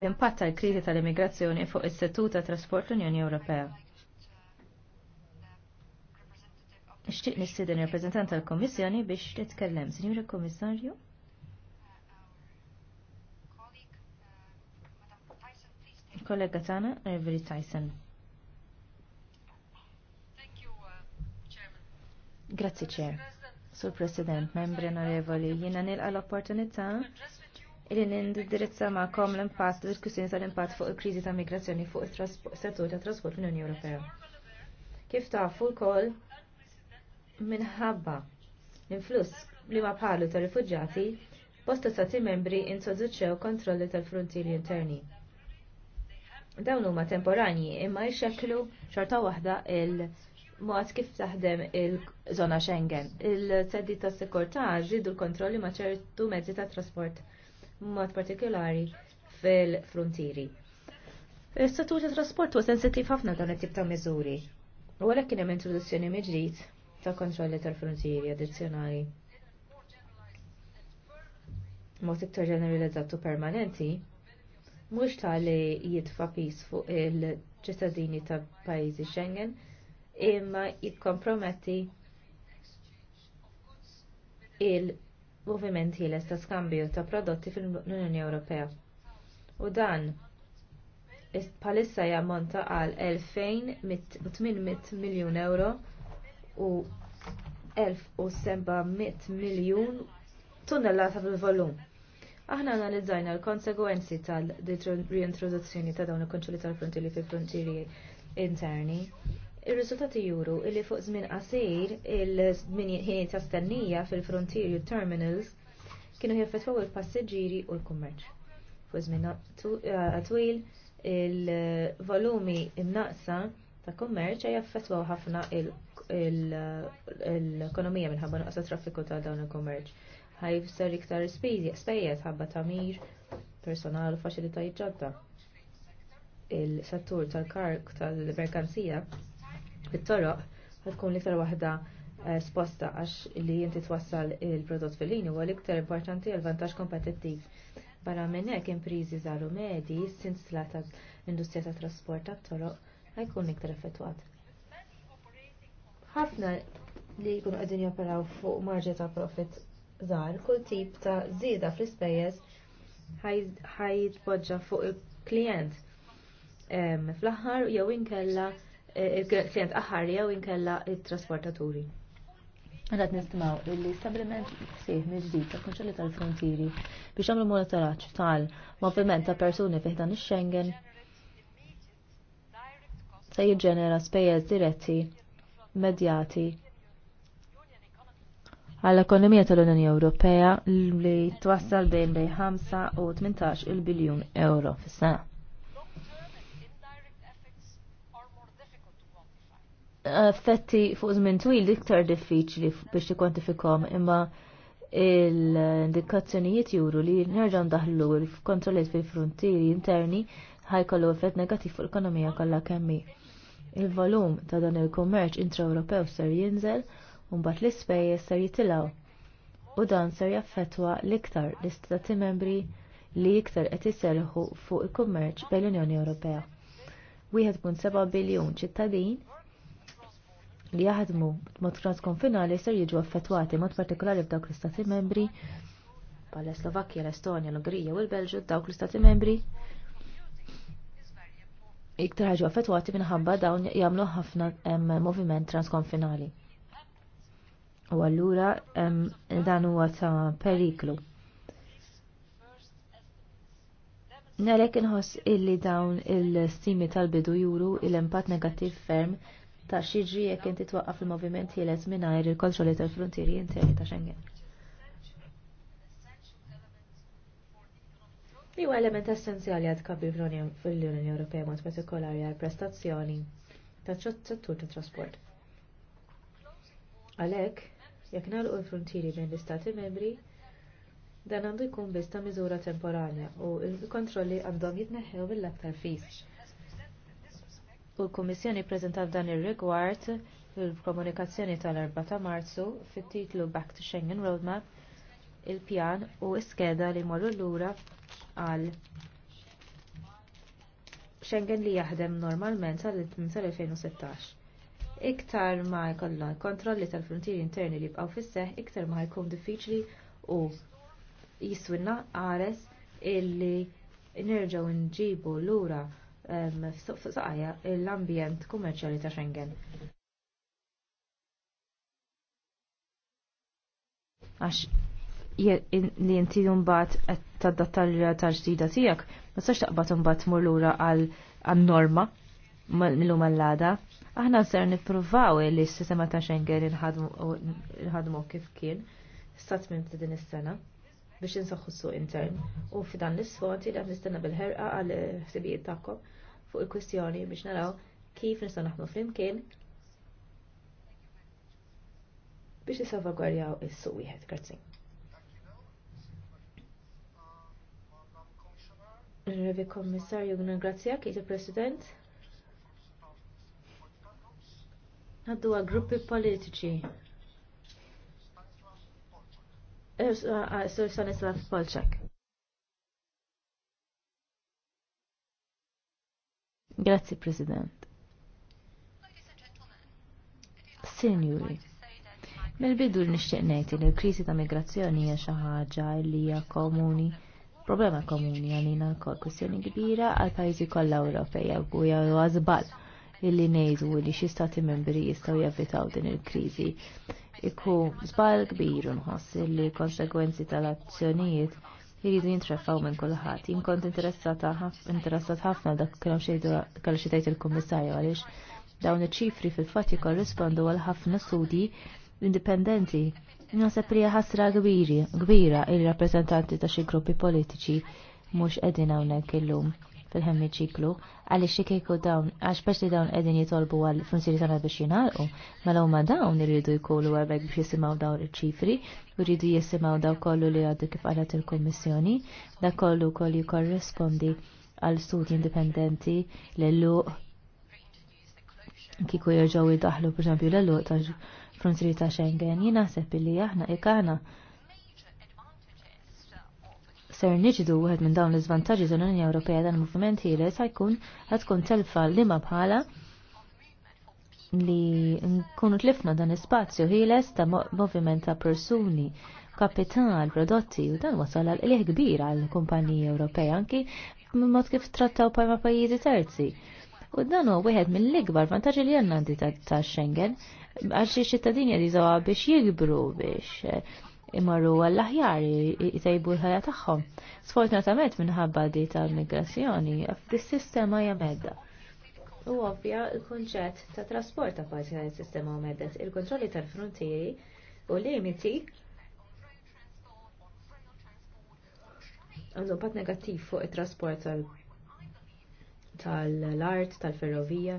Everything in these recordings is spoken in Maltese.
l-impatt tal-kriżi tal-immigrazzjoni fuq is-settur ta' trasport l-Unjoni Ewropea. Ixtieq nistieden ir-rappreżentant tal-Kommissjoni biex titkellem. Sinjura Kommissarju? Kollega tagħna, Reverie Tyson. Grazzi Chair. Sur President, membri onorevoli, jiena nilqa l-opportunità illi nindirizza ma'kom l-impatt u diskussjoni tal-impatt fuq il-kriżi ta' migrazzjoni fuq is-settur ta' trasport fl-Unjoni Ewropea. Kif tafu wkoll minħabba l-influss li ma bħalu ta' rifuġġati bosta stati membri introduċew kontrolli tal-frontieri interni. Dawn huma temporanji imma jxeklu xorta waħda il- mod kif taħdem il-żona Schengen. Il-seddi ta' sekurta' ġidu l-kontrolli ma' ċertu mezzi ta' trasport mod partikolari fil-frontieri. il settur ta' trasport huwa sensittiv ħafna dan it-tip ta' miżuri. U għalhekk kien hemm introduzzjoni miġrid ta' kontrolli tal-frontieri addizzjonali. Mod iktar ġeneralizzat u permanenti, mhux tali jitfa' pis fuq il-ċittadini ta' pajjiżi Schengen, imma jikkomprometti il- moviment ħieles ta' skambju ta' prodotti fil-Unjoni Ewropea. U dan palissa jammonta għal 2800 miljun euro u 1700 miljun tunnellata bil-volum. Aħna analizzajna l-konsegwenzi tal-reintroduzzjoni ta' dawn il-konċoli tal-frontieri fil-frontieri interni Ir-riżultati juru illi fuq żmien qasir il-ħin ta' stennija fil-frontier terminals kienu jaffettwaw il-passiġġieri u l-kummerċ. Fuq żmien eh, twil il-volumi imnaqsa ta' kummerċ jaffettwaw ħafna l-ekonomija minħabba nuqqas traffiku ta' dawn il-kummerċ. Ħajfser iktar spejjeż ħabba tamir, personal u faċilitajiet ġodda il-settur tal-kark tal-merkanzija fit toroq ħatkun l-iktar waħda eh, sposta għax li inti twassal il-prodott fil-ħin huwa l-iktar importanti għal vantaġġ kompetittiv. Barra minn hekk impriżi żaru medi sinsla ta' industrija tat trasport tat-toroq jkun iktar effettwat. Ħafna li jkunu qegħdin joperaw fuq marġi ta' profit żgħar, kull tip ta' żieda fl-ispejjeż ħajtpoġġa fuq il-klient fl-aħħar jew inkella il-klient aħħarja u inkella il-trasportaturi. Għadat nistimaw li l-istabliment sieħ mill-ġdid ta' konċelli tal-frontieri biex għamlu monitoraġġ tal-moviment ta' persuni fih dan ix-Schengen se jiġġenera spejjeż diretti medjati għall-ekonomija tal-Unjoni Ewropea li twassal bejn bejn 5 u 18 il-biljun euro fis-sena. effetti fuq żmien twil iktar diffiċli biex tikkwantifikhom imma l-indikazzjonijiet juru li nerġa' ndaħlu l-kontrolliet fil-frontieri interni ħajkollu effett negattiv fuq l-ekonomija kollha kemmi. Il-volum ta' dan il-kummerċ intra-Ewropew ser jinżel u mbagħad l-ispejjeż ser jitilgħu. U dan ser jaffettwa l-iktar l-istati membri li iktar qed iserħu fuq il-kummerċ bejn l-Unjoni Ewropea. 1.7 biljun ċittadin li jaħdmu mod transkonfinali ser jiġu affettwati mod partikolari f'dawk l-istati membri bħala Slovakkja, l-Estonja, l-Ungerija u l-Belġu dawk l-istati membri iktar ħaġu affettwati minħabba dawn jagħmlu ħafna moviment transkonfinali. U allura dan huwa ta' periklu. Nerek inħoss illi dawn il-stimi tal-bidu juru il-impat negativ ferm ta' xiġri jekk inti twaqqaf il-moviment ħieles mingħajr il-kontrolli tal-frontieri interni ta' Schengen. Huwa element essenzjali għad kabir fl-Unjoni Ewropea mod partikolari għal prestazzjoni ta' settur tat trasport. Għalhekk, jekk nagħlqu l-frontieri bejn l-Istati membri, dan għandu jkun biss ta' miżura temporanja u l-kontrolli għandhom jitneħħew mill-aktar fis U l-Kummissjoni ppreżentat dan ir-rigward fil komunikazzjoni tal-4 ta' Marzu fit-titlu Back to Schengen Roadmap il-pjan u skeda li morru lura għal Schengen li jaħdem normalment sal-2016. Iktar ma jkollna kontrolli tal-frontieri interni li jibqgħu fis-seħħ, iktar ma jkun diffiċli u jiswinna qares illi nerġgħu nġibu lura fuq saqajja l-ambjent kummerċjali ta' Schengen. Għax li inti mbagħad qed tadatta l-realtà ġdida tiegħek, ma tistax taqbad imbagħad mur mullura għan-norma mill-lum għall-għada. Aħna ser nippruvaw li s-sistema ta' Schengen inħadmu kif kien, s-sat minn din is-sena biex insaħħu s-suq intern. U f'dan l-isfond jilgħab nistenna bil-ħerqa għal ħsibijiet tagħkom fuq il kwestjoni biex naraw kif nistgħu naħdmu flimkien biex nisalvagwarjaw is-suq wieħed. Grazzi. Revi Kommissarju, grazzja, Kiti President. Għaddu gruppi politiċi. Stanisław Polczak. Grazzi, President. Signori, mill-bidu nixtieq ngħid li l-kriżi ta' migrazzjoni hija xi ħaġa li hija komuni problema komuni għalina kol kwestjoni kbira għal pajjiżi kollha Ewropej u hija għażbal illi ngħidu li xi stati membri jistgħu jevitaw din il-kriżi. Iku żball kbir nħoss li konsegwenzi tal-azzjonijiet jiridu jintrefaw minn kulħadd. Jien kont interessat ħafna dak kellhom xejdu kellu xi tgħid il-kummissarju għaliex dawn iċ-ċifri fil-fatt jikorrispondu għal ħafna studi indipendenti. Naħseb li ħasra kbira il-rappreżentanti ta' xi gruppi politiċi mhux qegħdin hawnhekk illum fil ħemmiċiklu għaliex xi kieku dawn għax biex li dawn qegħdin jitolbu għal funzjoni tagħna biex jingħalqu, mela ma dawn iridu jkollu għarbek biex jisimgħu dawn iċ-ċifri u jridu jisimgħu daw kollu li għaddu kif għalat il-Kummissjoni, dak kollu koll jikorrespondi għal studji indipendenti l lu kiku jirġaw id-daħlu, per esempio, l lu ta' frontieri ta' Schengen, jina sepp li aħna ikana ser niġdu wieħed minn dawn l-iżvantaġġi tal-Unjoni Ewropea dan il-moviment ħieles sajkun għed tkun telfa liema bħala li nkunu tlifna dan ispazju ħieles ta' moviment ta' persuni, kapital, prodotti u dan wasal għal ilih kbir għal kumpaniji Ewropea anki mod kif trattaw pajma pajjiżi terzi. U dan għed wieħed l ikbar vantaġġi li għandna ta' Schengen għaxi xi ċittadini jriżawha biex jikbru biex eh, imorru għall-aħjar jtajbu l-ħajja tagħhom. Sfortunatament minħabba di tal-migrazzjoni, fdis sistema hija medda. U ovvja l-kunċett ta' trasport ta' parti sistema u medda il-kontrolli tal-frontieri u limiti għandu pat negattiv fuq it-trasport tal-art, tal-ferrovija.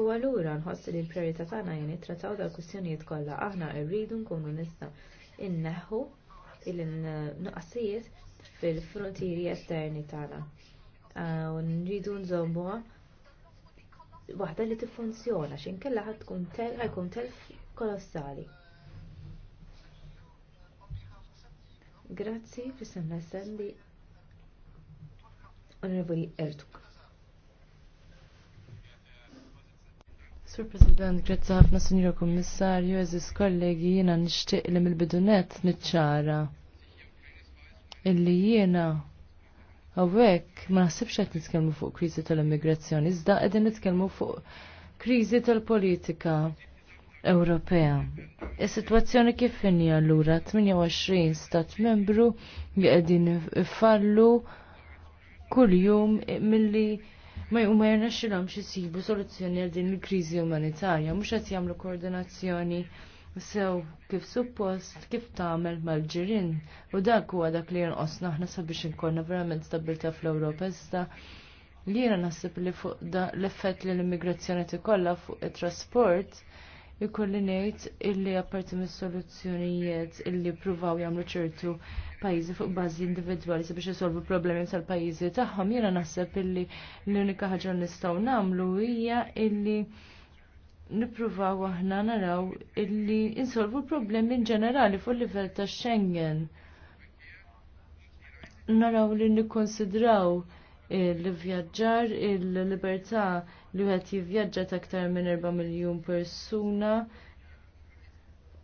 U allura nħossi li l-priorità tagħna jien nittrattaw dal-kwistjonijiet kollha aħna rridu nkunu nista' inneħħu il-nuqqasijiet fil-frontieri esterni tagħna. Ah, u nridu nżommuha waħda li tiffunzjona x'inkella ħajkun telf kolossali. Grazzi, fissem l-assembi. Onorevoli Ertuk. Sur President, grazzi ħafna Sinjor Kommissarju, eżis kollegi jiena nixtieq li mill-bidunet niċċara illi jiena hawnhekk ma naħsibx qed nitkellmu fuq kriżi tal-immigrazzjoni, iżda qegħdin nitkellmu fuq kriżi tal-politika Ewropea. Is-sitwazzjoni kif inhi allura 28 stat membru li qegħdin ifallu kuljum milli ma u ma xilom xisibu soluzzjoni għal din il-kriżi umanitarja, mhux qed jagħmlu koordinazzjoni sew kif suppost kif tagħmel mal ġirin u dak huwa dak li jonqosna ħna sabiex inkollna verament stabilta fl-Ewropa iżda li jiena naħseb li fuq l-effett li l-immigrazzjoni tikollha fuq it-trasport ikolli ngħid illi apparti mis-soluzzjonijiet illi pruvaw jagħmlu ċertu pajjiżi fuq bażi individwali sabiex isolvu problemi tal-pajjiżi tagħhom, jiena naħseb illi l-unika ħaġa nistgħu nagħmlu hija illi nippruvaw aħna naraw illi insolvu problemi in ġenerali fuq livell ta' Schengen. Naraw li nikkonsidraw il-vjaġġar, il-libertà il vjaġġar il libertà il il libertà li wieħed jivvjaġġa ta' aktar minn 4 miljun persuna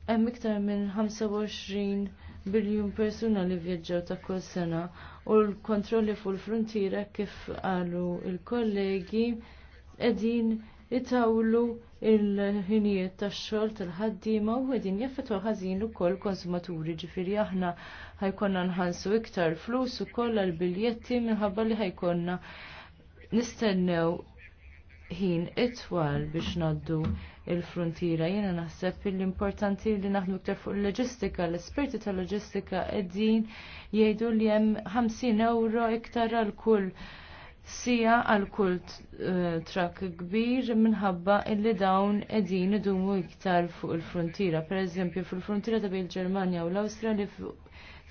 hemm iktar minn 25 biljun persuna li vjaġġaw ta' kull sena u l-kontrolli fuq il-frontiera kif qalu il-kollegi qegħdin itawlu il-ħinijiet tax-xogħol tal-ħaddiema u qegħdin jaffettwa ħażin ukoll konsumaturi ġifieri aħna ħajkonna nħallsu iktar flus ukoll għall biljetti minħabba li ħajkonna nistennew ħin itwal biex naddu il-frontiera. Jena naħseb l-importanti li naħdmu iktar fuq il-loġistika. L-esperti tal-loġistika qegħdin jgħidu li hemm 50 euro iktar għal kull sija għal kull eh, trak kbir minħabba illi dawn qegħdin idumu iktar fuq il-frontiera. Pereżempju fil-frontiera ta' bil-Ġermanja u l-Awstra li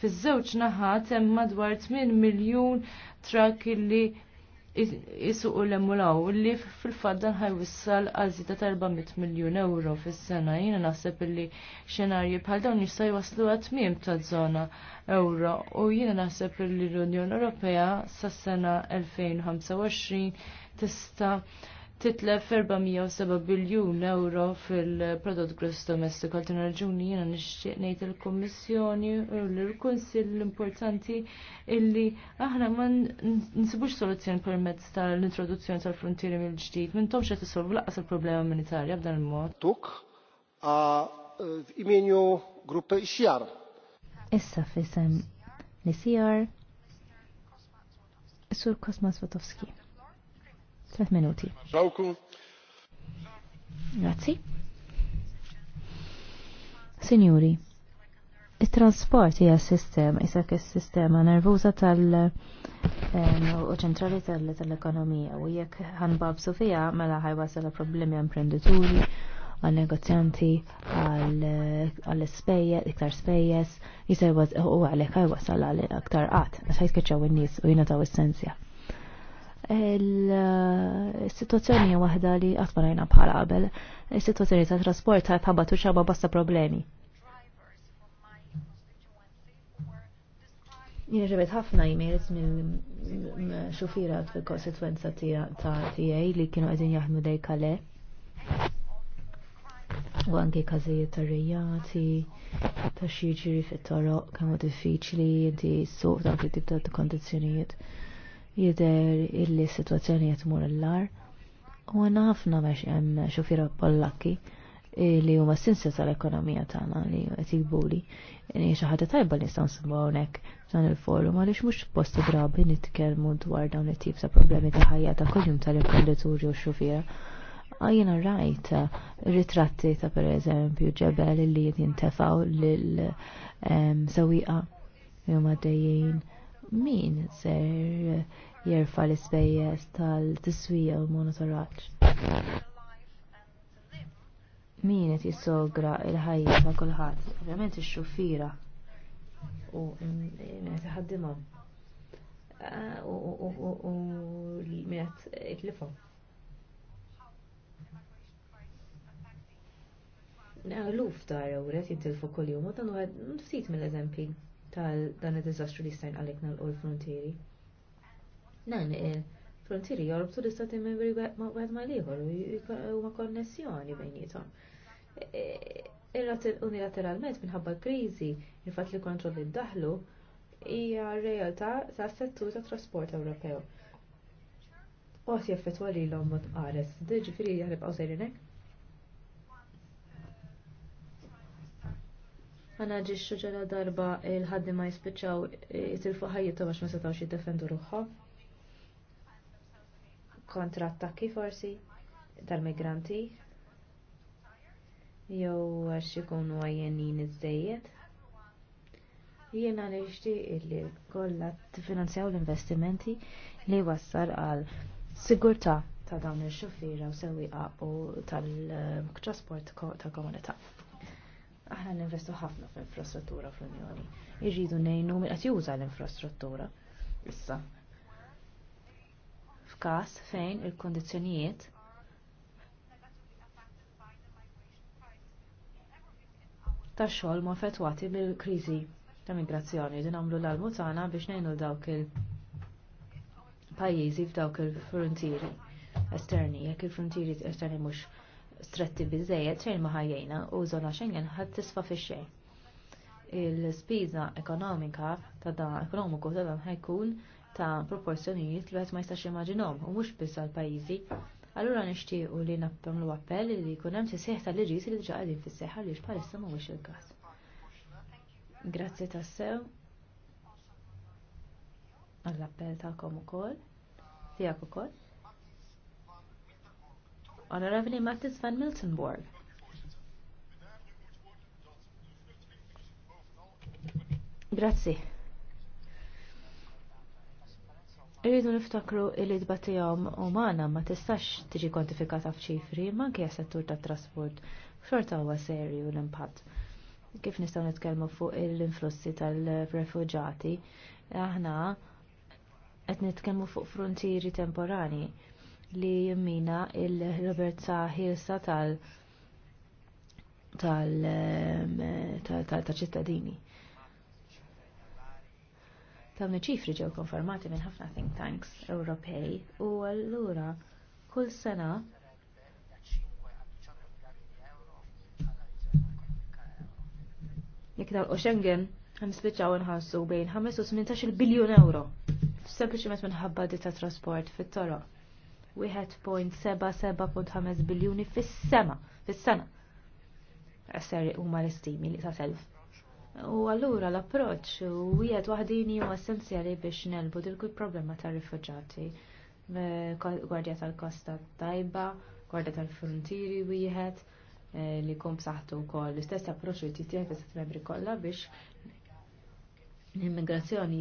fiż-żewġ naħat hemm madwar 8 miljun trak illi jisuqu l-emulaw li fil ħaj dan ħajwissal zita ta' 400 miljon euro fis-sena. Jina naħseb li xenarji bħal dawn jista' jwaslu għatmim ta' zona euro u jina naħseb li l-Unjoni Ewropea sas-sena 2025 tista' titlef 407 biljun euro fil-prodott gross domestiku għal raġuni jiena nixtieq ngħid il-Kummissjoni u l-Kunsill l-importanti illi aħna ma nsibux soluzzjoni permezz tal-introduzzjoni tal-frontieri mill-ġdid m'intom xed isolvu laqas il-problema militarja b'dan il-mod. Tuk a eh, imienju grupp xjar. Issa fisem nisijar, Sur Kosmas Wotowski. Tlet minuti. Grazzi. Signori, il-trasport hija s-sistema, jisak il-sistema nervuża tal- u ċentrali tal-ekonomija u jekk ħanbabsu sofija, mela ħajwasal problemi imprenditori, għal negozjanti, għal spejjes, iktar spejjes, jisaj u għalek ħajwasal għal iktar għat, għax ħajtkeċaw n-nis u jina taw essenzja il-situazzjoni wahda li għatmarajna bħala għabel, Il-situazzjoni ta' trasport ta' tħabbatu xaba basta problemi. Jirġibet ħafna e-mails minn xufira fil-konsekwenza ta' tijaj li kienu għedin jahmu dej kale. U għanki kazijiet ta' rejati, ta' xieġiri fit-toro, kemmu diffiċli, di suq ta' kif tibda ta' kondizjonijiet jider illi situazzjoni jitmur l-lar u għanna ħafna mex jem xufira pollaki li huma sinsa tal-ekonomija tagħna li qed jibuli. Ni xi ħaġa tajba li nistgħu nsimgħu hawnhekk dan il-forum għaliex mhux post drabi nitkellmu dwar dawn it-tip ta' problemi ta' ħajja ta' kuljum tal-imprenditurju u xufira. Għajna ah, rajt ritratti ta' per eżempju ġebel li jintefaw lil sewwieqa li huma dejjin min ser jirfa l-ispejjeż tal-tiswija u monitoraġġ. Min qed jisogra il ħajja ta' kulħadd, ovvjament il-xufira u qed iħaddimhom u min qed ah, itlifhom. Luf ta' jowret rrit jintilfu kull-jum, u dan ftit mill-eżempji tal dan id-diżastru li stajn għalek nal l-frontieri. Nan, eh, frontieri jorob l-istati membri ma' għad ma' liħor u ma' konnessjoni bejnietom. Eh, unilateralment minħabba krizi, il li kontrolli d-daħlu, hija realtà ta' settur ta' trasport Ewropew. Qos jaffettwa li l-om qares, diġifieri jaħrib qawsejrinek. għana ġi ġala darba il-ħaddi ma jispiċaw e, jitilfu ħajjitu għax ma xie jiddefendu ruħħa. Kontra attakki forsi tal-migranti jew għax ikunu għajjenin iż jiena nixtieq li kollha finanzjaw l-investimenti li wassal għal sigurtà ta' dawn il-xufiera u sewwieqa u tal-trasport eh, ta' komunità aħna ninvestu ħafna fl-infrastruttura fl-Unjoni. Irridu nejnu min qed juża l-infrastruttura issa. F'każ fejn il-kondizzjonijiet tax xogħol ma fetwati mill-kriżi ta' migrazzjoni din għamlu l-almu tagħna biex ngħinu dawk il-pajjiżi f'dawk il-frontieri esterni, jekk il-frontieri esterni mhux stretti bizzejet xejn ma ħajjejna u żona Schengen ħadd tisfa fix xejn. Il-spiża ekonomika ta' dan ekonomiku ta' dan ħajkun ta' proporzjonijiet li qed ma jistax immaġinhom u mhux biss għal pajjiżi. Allura nixtiequ li nappamlu appell li jkun hemm tisih tal-liġis li diġà qegħdin fis-seħħa li bħalissa mhuwiex il-każ. Grazzi tassew għall-appell tagħkom ukoll tiegħek ukoll. Honorable Mattis van Miltenborg. Grazzi. Irridu niftakru il u maħna ma tistax tiġi kwantifikata f'ċifri, ma anke settur tat trasport, xorta huwa serju l impat kif nistgħu nitkellmu fuq l-influssi tal refugġati aħna qed nitkellmu fuq frontieri temporani li jimmina il-libertà ħilsa tal- tal-ċittadini. Dawn ċifri ġew konfermati minn ħafna think tanks Ewropej u allura kull sena jekk tal Schengen nispiċċaw inħassu bejn 5 u 18 biljun euro sempliċiment minħabba di ta' trasport fit-toroq. 1.77.5 biljuni fis-sema, fis-sena. Esseri l-istimi li ta' self. U allura l-approċċ wieħed waħdini u essenzjali biex nelbu dilku problema tar rifugġati. Gwardja tal-Kosta tajba, Gwardja tal-Frontieri wieħed eh, li kum saħtu wkoll l-istess approċċ li titjef fis membri kollha biex l-immigrazzjoni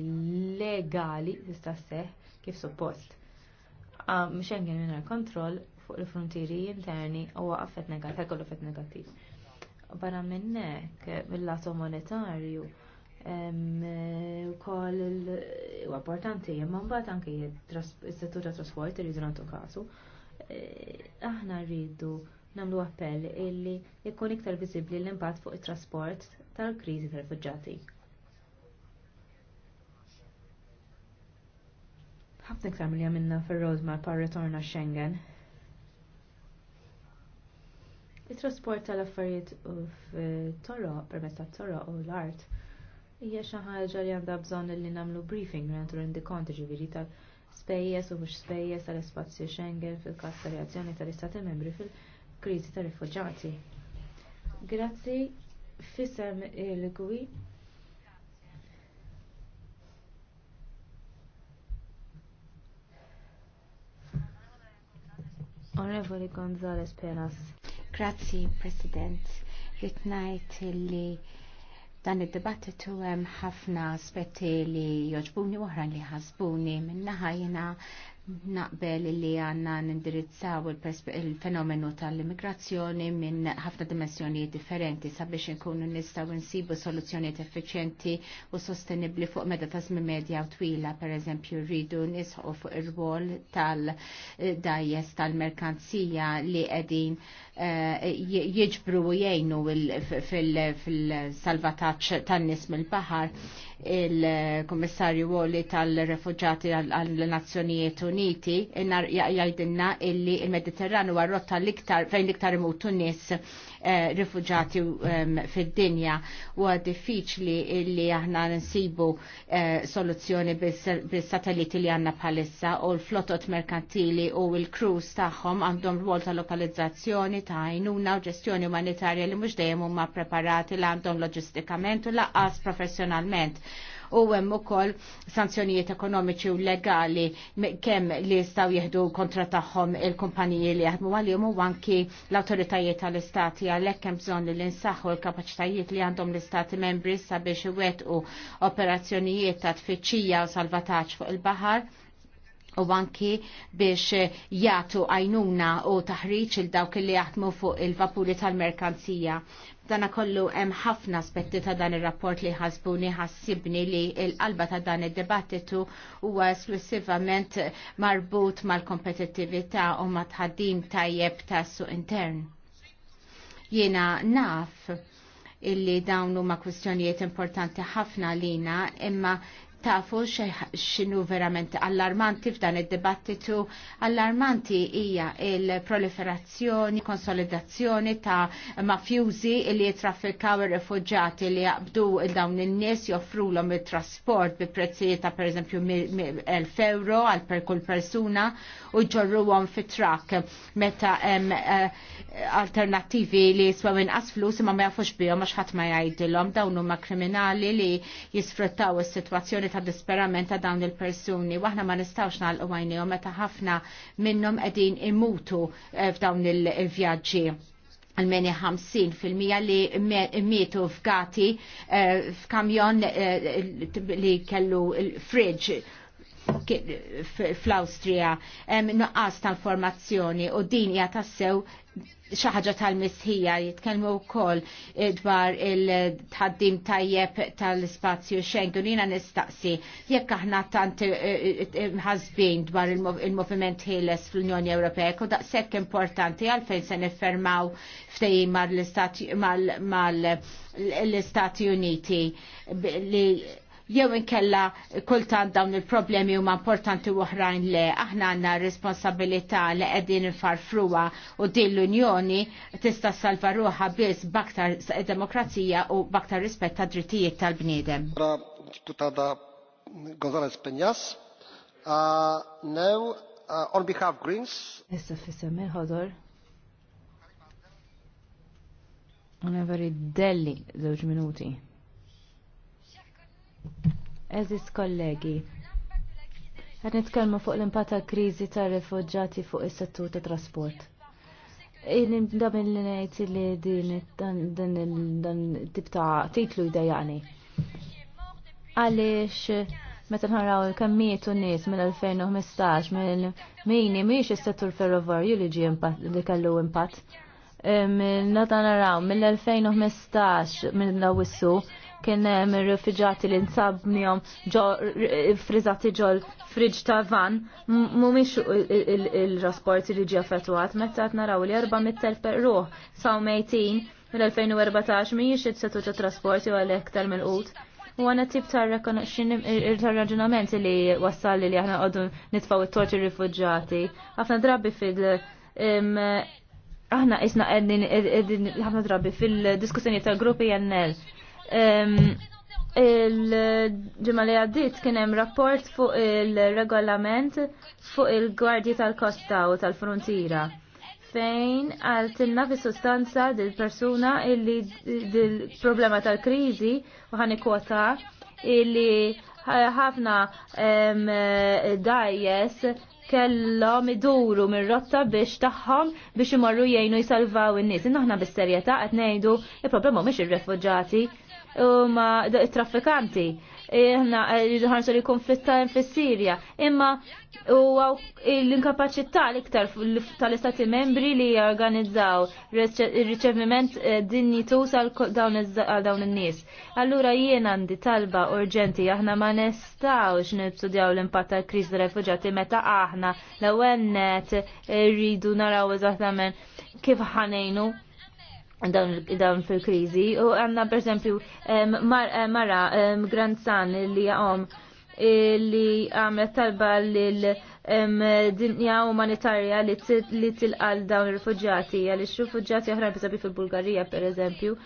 legali tista' seħ kif suppost waqqam Schengen minn kontroll fuq il-frontieri interni u għaffet negattiv, għakollu għaffet negativ. Barra minnek, mill-lato monetarju, ukoll u importanti, imma mbagħad anki- s-settur ta' trasport rridu nagħtu kasu. E, aħna rridu nagħmlu appell illi jkun iktar vizibli l impat fuq it-trasport tal-kriżi tal-fuġġati. ħafna iktar milja minna fir-roadmap par ritorna Schengen. Il-trasport tal-affarijiet u f-toro, permess toro u l-art, hija xi ħaġa li għandha bżonn li nagħmlu briefing minn rendi konti ġifieri tal-spejjeż u mhux spejjeż tal ispazju Schengen fil-każ tal reazzjoni tal-Istati Membri fil-kriżi tar-rifuġġati. Grazzi fisem il-gwi Onorevoli Gonzales Peras. Grazie, President. Ritnajt li dan il dibattitu hemm ħafna aspetti li joġbuni u li ħasbuni minnaħa jiena naqbel li għanna nindirizzaw il-fenomenu tal-immigrazzjoni minn ħafna dimensjoni differenti sabiex nkunu nistaw nsibu soluzzjoniet effiċjenti u sostenibli fuq meta ta' żmien medja u twila, per eżempju rridu nisħu fuq ir-rwol tal-dajjes tal-merkanzija li qegħdin Eh, jiġbru u jgħinu fil-salvataċ tan-nies mill-baħar il-Kommissarju Woli tal-Refugġati għall-Nazzjonijiet Uniti jgħidilna illi il-Mediterranu għarrotta l iktar fejn l-iktar imutu nies Eh, rifugġati fil ehm, fid-dinja u diffiċli li aħna nsibu eh, soluzzjoni bis-satelliti li għanna bħalissa u l-flotot merkantili u l-cruise tagħhom għandhom rwol ta' lokalizzazzjoni ta' għajnuna u ġestjoni umanitarja li mhux dejjem huma preparati l għandhom loġistikament u laqqas professjonalment u hemm ukoll sanzjonijiet ekonomiċi u legali kemm li jistgħu jieħdu kontra tagħhom il-kumpaniji li jaħdmu għalihom u anki l-awtoritajiet tal-istati għalhekk hemm bżonn li nsaħħu l-kapaċitajiet li għandhom l-istati membri sabiex iwettqu operazzjonijiet ta' tfittxija u salvataġġ fuq il-baħar u anki biex jagħtu għajnuna u taħriġ il dawk li jaħdmu fuq il-vapuri tal-merkanzija. Dana kollu hemm ħafna aspetti ta' dan ir-rapport li ħasbuni ħassibni li l-qalba ta' dan id-dibattitu huwa esklusivament marbut mal-kompetittività u ma' tħaddim tajjeb tas-suq intern. Jiena naf illi dawn huma kwistjonijiet importanti ħafna lina imma tafu xinu verament allarmanti f'dan id-dibattitu. Allarmanti hija il-proliferazzjoni, konsolidazzjoni ta' mafjużi li jitraffikaw ir-refugġati li jaqbdu dawn in-nies joffrulhom it-trasport bi prezzijiet ta' pereżempju 1000 euro għal per kull persuna u ġorruhom fit-trak meta hemm eh, alternattivi li jiswew inqas flus imma ma jafux bihom għax ħadd ma jgħidilhom dawn huma kriminali li jisfruttaw is-sitwazzjoni ta' disperament ta' dawn il-persuni. Waħna ma nistawx nagħlqu għajnejhom meta ħafna minnhom qegħdin imutu eh, f'dawn il-vjaġġi għal-meni 50% li mietu f'gati eh, f'kamjon eh, li kellu il-fridge fl-Awstrija hemm nuqqas tal-formazzjoni u din hija tassew xi ħaġa tal-misħija jitkellmu wkoll eh, dwar il-tħaddim tajjeb tal-spazju Schengen jiena nistaqsi jekk aħna tant eh, eh, ħażbin dwar il-moviment ħieles fl-Unjoni Ewropea jekk daqshekk importanti għalfejn se niffermaw ftehim mal-Istati Uniti li jew inkella kultant dawn il-problemi huma importanti u oħrajn le aħna għandna responsabilità li qegħdin infarfruha u din l-Unjoni tista' salva ruħha biss baktar demokrazija u baktar rispett ta' drittijiet tal-bniedem. Deputada Gonzalez Penjas, uh, now uh, on behalf Greens. Issa fissem ħodor. Uneveri deli, zewġ minuti. Eżis kollegi, għed nitkelmu fuq l-impatt tal krizi tar-refuġġati fuq is-settur ta' trasport. Da minn ngħid li din dan tip ta' titlu jdejjaqni. Għaliex meta nħaraw il-kammijiet u nies mill-2015 minn mini miex is-settur ferrovarju li ġie li kellu impatt. Nata naraw mill-2015 mill-lawissu kien hemm ir-rifuġati li nsabnihom frizzati ġol friġ ta' van mhumiex il rasporti li ġie effettwat meta qed naraw li 400,000 per ruħ saw mejtin mill-2014 mhijiex it-setu ta' trasporti jew għalhekk tal-milqut. U għana tip ta' raġunament li wassal li aħna għoddu nitfaw it torti rifugġati. Għafna drabi fil- aħna isna għedni ħafna drabi fil-diskussjoni tal-gruppi jannel il-ġimma li għaddit kien hemm rapport fuq il-regolament fuq il-gwardji tal-kosta u tal-frontiera fejn għaltilna fi sostanza dil-persuna illi dil-problema tal-krizi u ħanikota illi ħafna dajjes kellhom iduru mir-rotta biex tagħhom biex imorru jgħinu jsalvaw in-nies. Inna bis-serjetà qed ngħidu il-problema mhix ir-refuġati, huma traffikanti. Aħna rridu ħarsu li konflitta fis-Sirja. Imma huwa l-inkapaċità l-iktar tal-istati membri li jorganizzaw riċeviment eh, dinjitus għal dawn in-nies. Allura jiena għandi talba urġenti aħna ma nistgħux nistudjaw l-impatt tal kriż tal-refuġjati meta aħna l-ewwel net rridu naraw eżattament kif ħanejnu dawn fil-krizi u għanna per esempio eh, mara grandson li għom eh, li għamlet talba l-dinja umanitarja li tilqal dawn il-rifugġati għal il-rifugġati oħrajn bisabi fil-Bulgarija per esempio,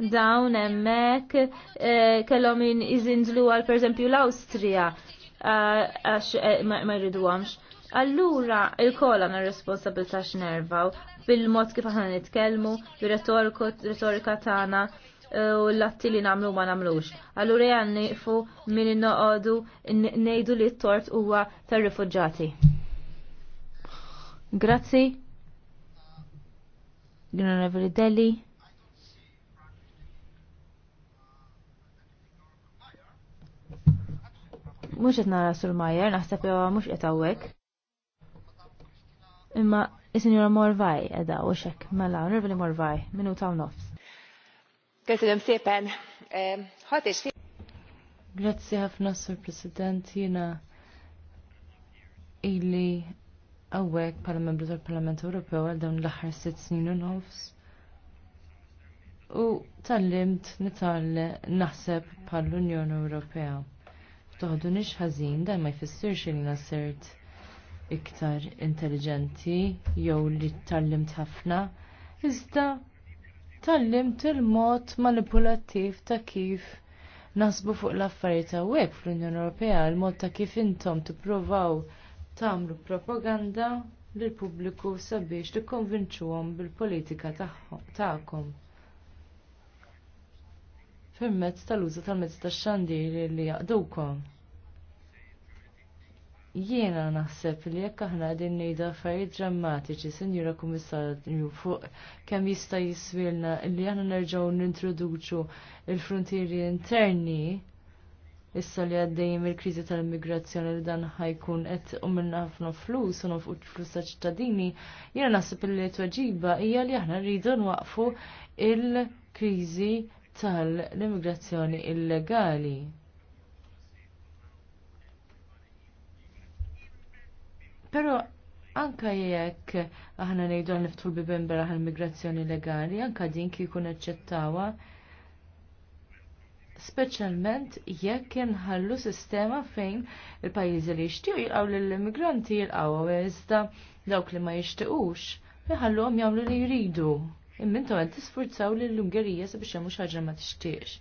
dawn emmek eh, kellhom iżindlu għal per esempio l-Awstrija għax ma jridu Allura il-kola na responsabilta x'nervaw bil-mod kif aħna nitkellmu, bir-retorika tagħna eh, u l-latti li namlu ma namlux. Allura jgħan nifu minn noqodu nejdu li t-tort huwa tar-rifugġati. Grazzi. Grazzi Delli. Mux nara sur Majer, naħseb jgħu mux etawek. Imma Is-Sinjora Morvaj edha u xek, mela, Onorevoli Morvaj, minuta u nofs. Köszönöm szépen. Hat és fél... Grazie ħafna, Sur President, jina illi għawek pala membru tal-Parlament Ewropew għal dawn l-aħħar sitt snin u nofs. U tal-limt nitalli naħseb pal-Unjoni Ewropea. Toħdu nix ħażin, dan ma jfissirx il sert iktar intelligenti jew li tallimt ħafna, iżda tallimt il-mod manipulattiv ta' kif nasbu fuq l-affarijiet web fl-Unjoni Ewropea, il-mod ta' kif intom tippruvaw tagħmlu propaganda lill pubbliku sabiex tikkonvinċuhom bil-politika tagħkom permezz tal-użu tal-mezz tax xandiri li jaqdukom. Jiena naħseb li jekk aħna din nejda affarijiet drammatiċi, Sinjura Kummissarju, fuq kemm jista' jiswilna li aħna nerġgħu nintroduċu il-frontieri interni issa li għaddejjem il-kriżi tal-immigrazzjoni li dan ħajkun qed umilna ħafna flus u nofqu flus ta' ċittadini, jiena naħseb li tweġiba hija li aħna rridu nwaqfu il-kriżi tal-immigrazzjoni illegali. Pero anka jekk aħna nejdu niftu l-bibin bera il-migrazzjoni legali, anka din kikun eċċettawa, speċjalment jekk inħallu sistema fejn il-pajjiżi li jixtiequ jilqgħu lill-immigranti jilqgħu iżda dawk li ma jixtiequx iħalluhom jagħmlu li jridu. Immintom qed tisfurzaw lill-Ungerija sabiex hemm mhux ħaġa ma tixtieqx.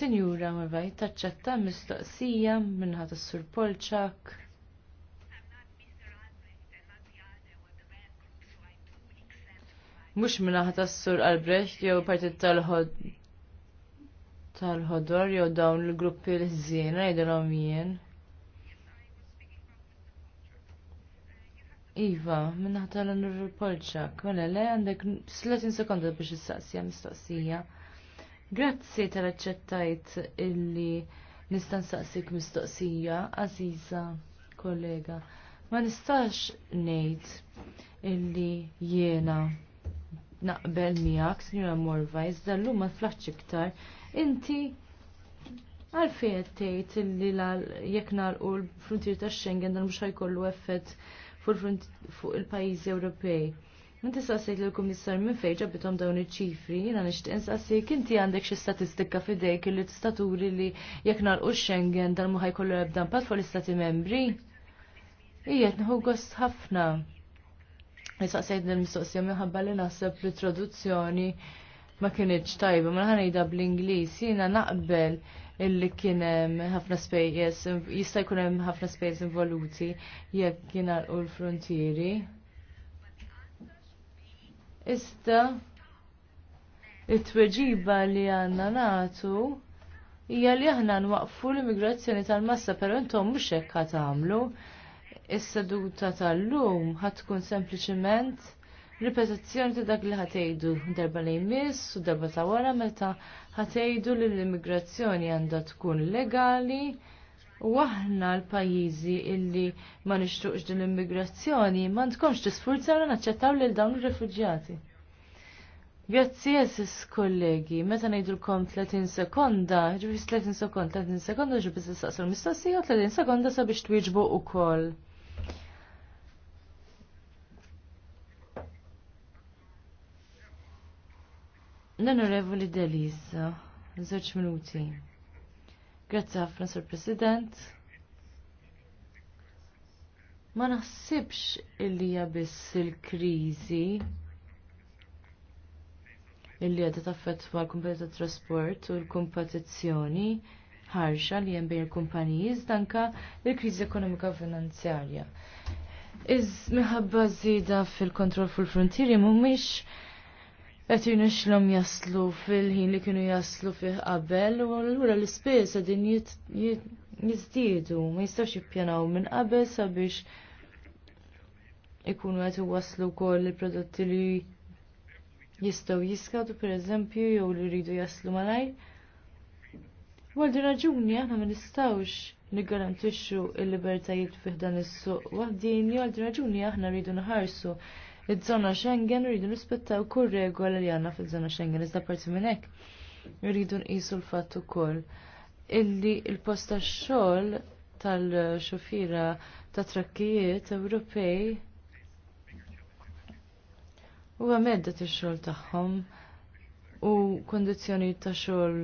Sinjura Marvaj taċċetta mistoqsija minnħat is-Sur Polċak. mhux ta' tas-Sur Albrecht jew partit tal-ħod tal-ħodor jew dawn il-gruppi l-ħżiena jgħidilhom jien. Iva, minnaħ tal-Nur Polċak, mela le għandek 30 sekonda biex s-sassija, mistoqsija. Grazzi tal-aċċettajt illi nista' nsaqsik mistoqsija, Aziza, kollega. Ma nistax ngħid illi jiena naqbel miegħek, Sinjora Morva, iżda l-lum ma tflaħx iktar. Inti għalfejn qed tgħid li jekk nagħlqu l-fruntier tax-Schengen dan mhux ħajkollu effett fuq il-pajjiżi Ewropej. Inti saqsejt lill-Kummissar minn fejn bitom dawn iċ-ċifri, jiena nixtieq insaqsik inti għandek xi statistika f'idejk li tista' li jekk nagħlqu x-Schengen dan ma ħajkollu ebda impatt fuq l-Istati Membri. Ija, nħu gost ħafna Nisaqsejt l-mistoqsija minħabba li naħseb li traduzzjoni ma kienieċ tajba, ma ħanajda bl-Inglis, jina naqbel illi kien ħafna spejjeż, jista' jkun hemm ħafna spejjeż involuti jekk kien u l-frontieri. Iżda it-tweġiba li għandna nagħtu hija li aħna nwaqfu l-immigrazzjoni tal-massa, però intom mhux hekk għamlu. Is-seduta tal-lum ħatkun sempliċiment ripetizzjoni ta' dak li ħatejdu darba li jmiss u darba ta' wara meta ħatejdu li l-immigrazzjoni għandha tkun legali u aħna l-pajjiżi illi ma nixtruqx din l-immigrazzjoni ma tisfurza tisfurzawna naċċettaw lil dawn ir-refuġjati. Grazzi jessis kollegi, meta lkom 30 sekonda, ġibis 30 sekonda, 30 sekonda ġibis s-saqsu l-mistoqsija, 30 sekonda sabiex twieġbu u koll. L-Onorevoli Delisa, żewġ minuti. Grazzi ħafna, Sur President. Ma naħsibx illi hija biss il-kriżi illi taffet ma l-kumpanijiet trasport u l-kompetizzjoni ħarxa li hemm bejn il-kumpaniji iżda anke l-kriżi ekonomika finanzjarja. Iż miħabba zida fil-kontroll fil-frontieri mhumiex qed jinixlhom jaslu fil-ħin li kienu jaslu fih qabel u allura l-ispejjeż qegħdin jiżdiedu ma jistax jippjanaw minn qabel sabiex ikunu qed iwasslu wkoll il-prodotti li jistgħu jiskadu pereżempju jew li jridu jaslu malajr. Għal raġuni aħna ma nistgħux niggarantixxu l-libertajiet fih dan is-suq waħdin jew raġuni aħna rridu nħarsu iż-żona Schengen rridu nispettaw kull regola li għandna fil-żona Schengen iżda parti minn hekk. Rridu nqisu l-fatt ukoll illi il-post tax-xogħol tal-xufira ta' trakkijiet Ewropej huwa medda tix-xogħol tagħhom u kondizjoni ta' xogħol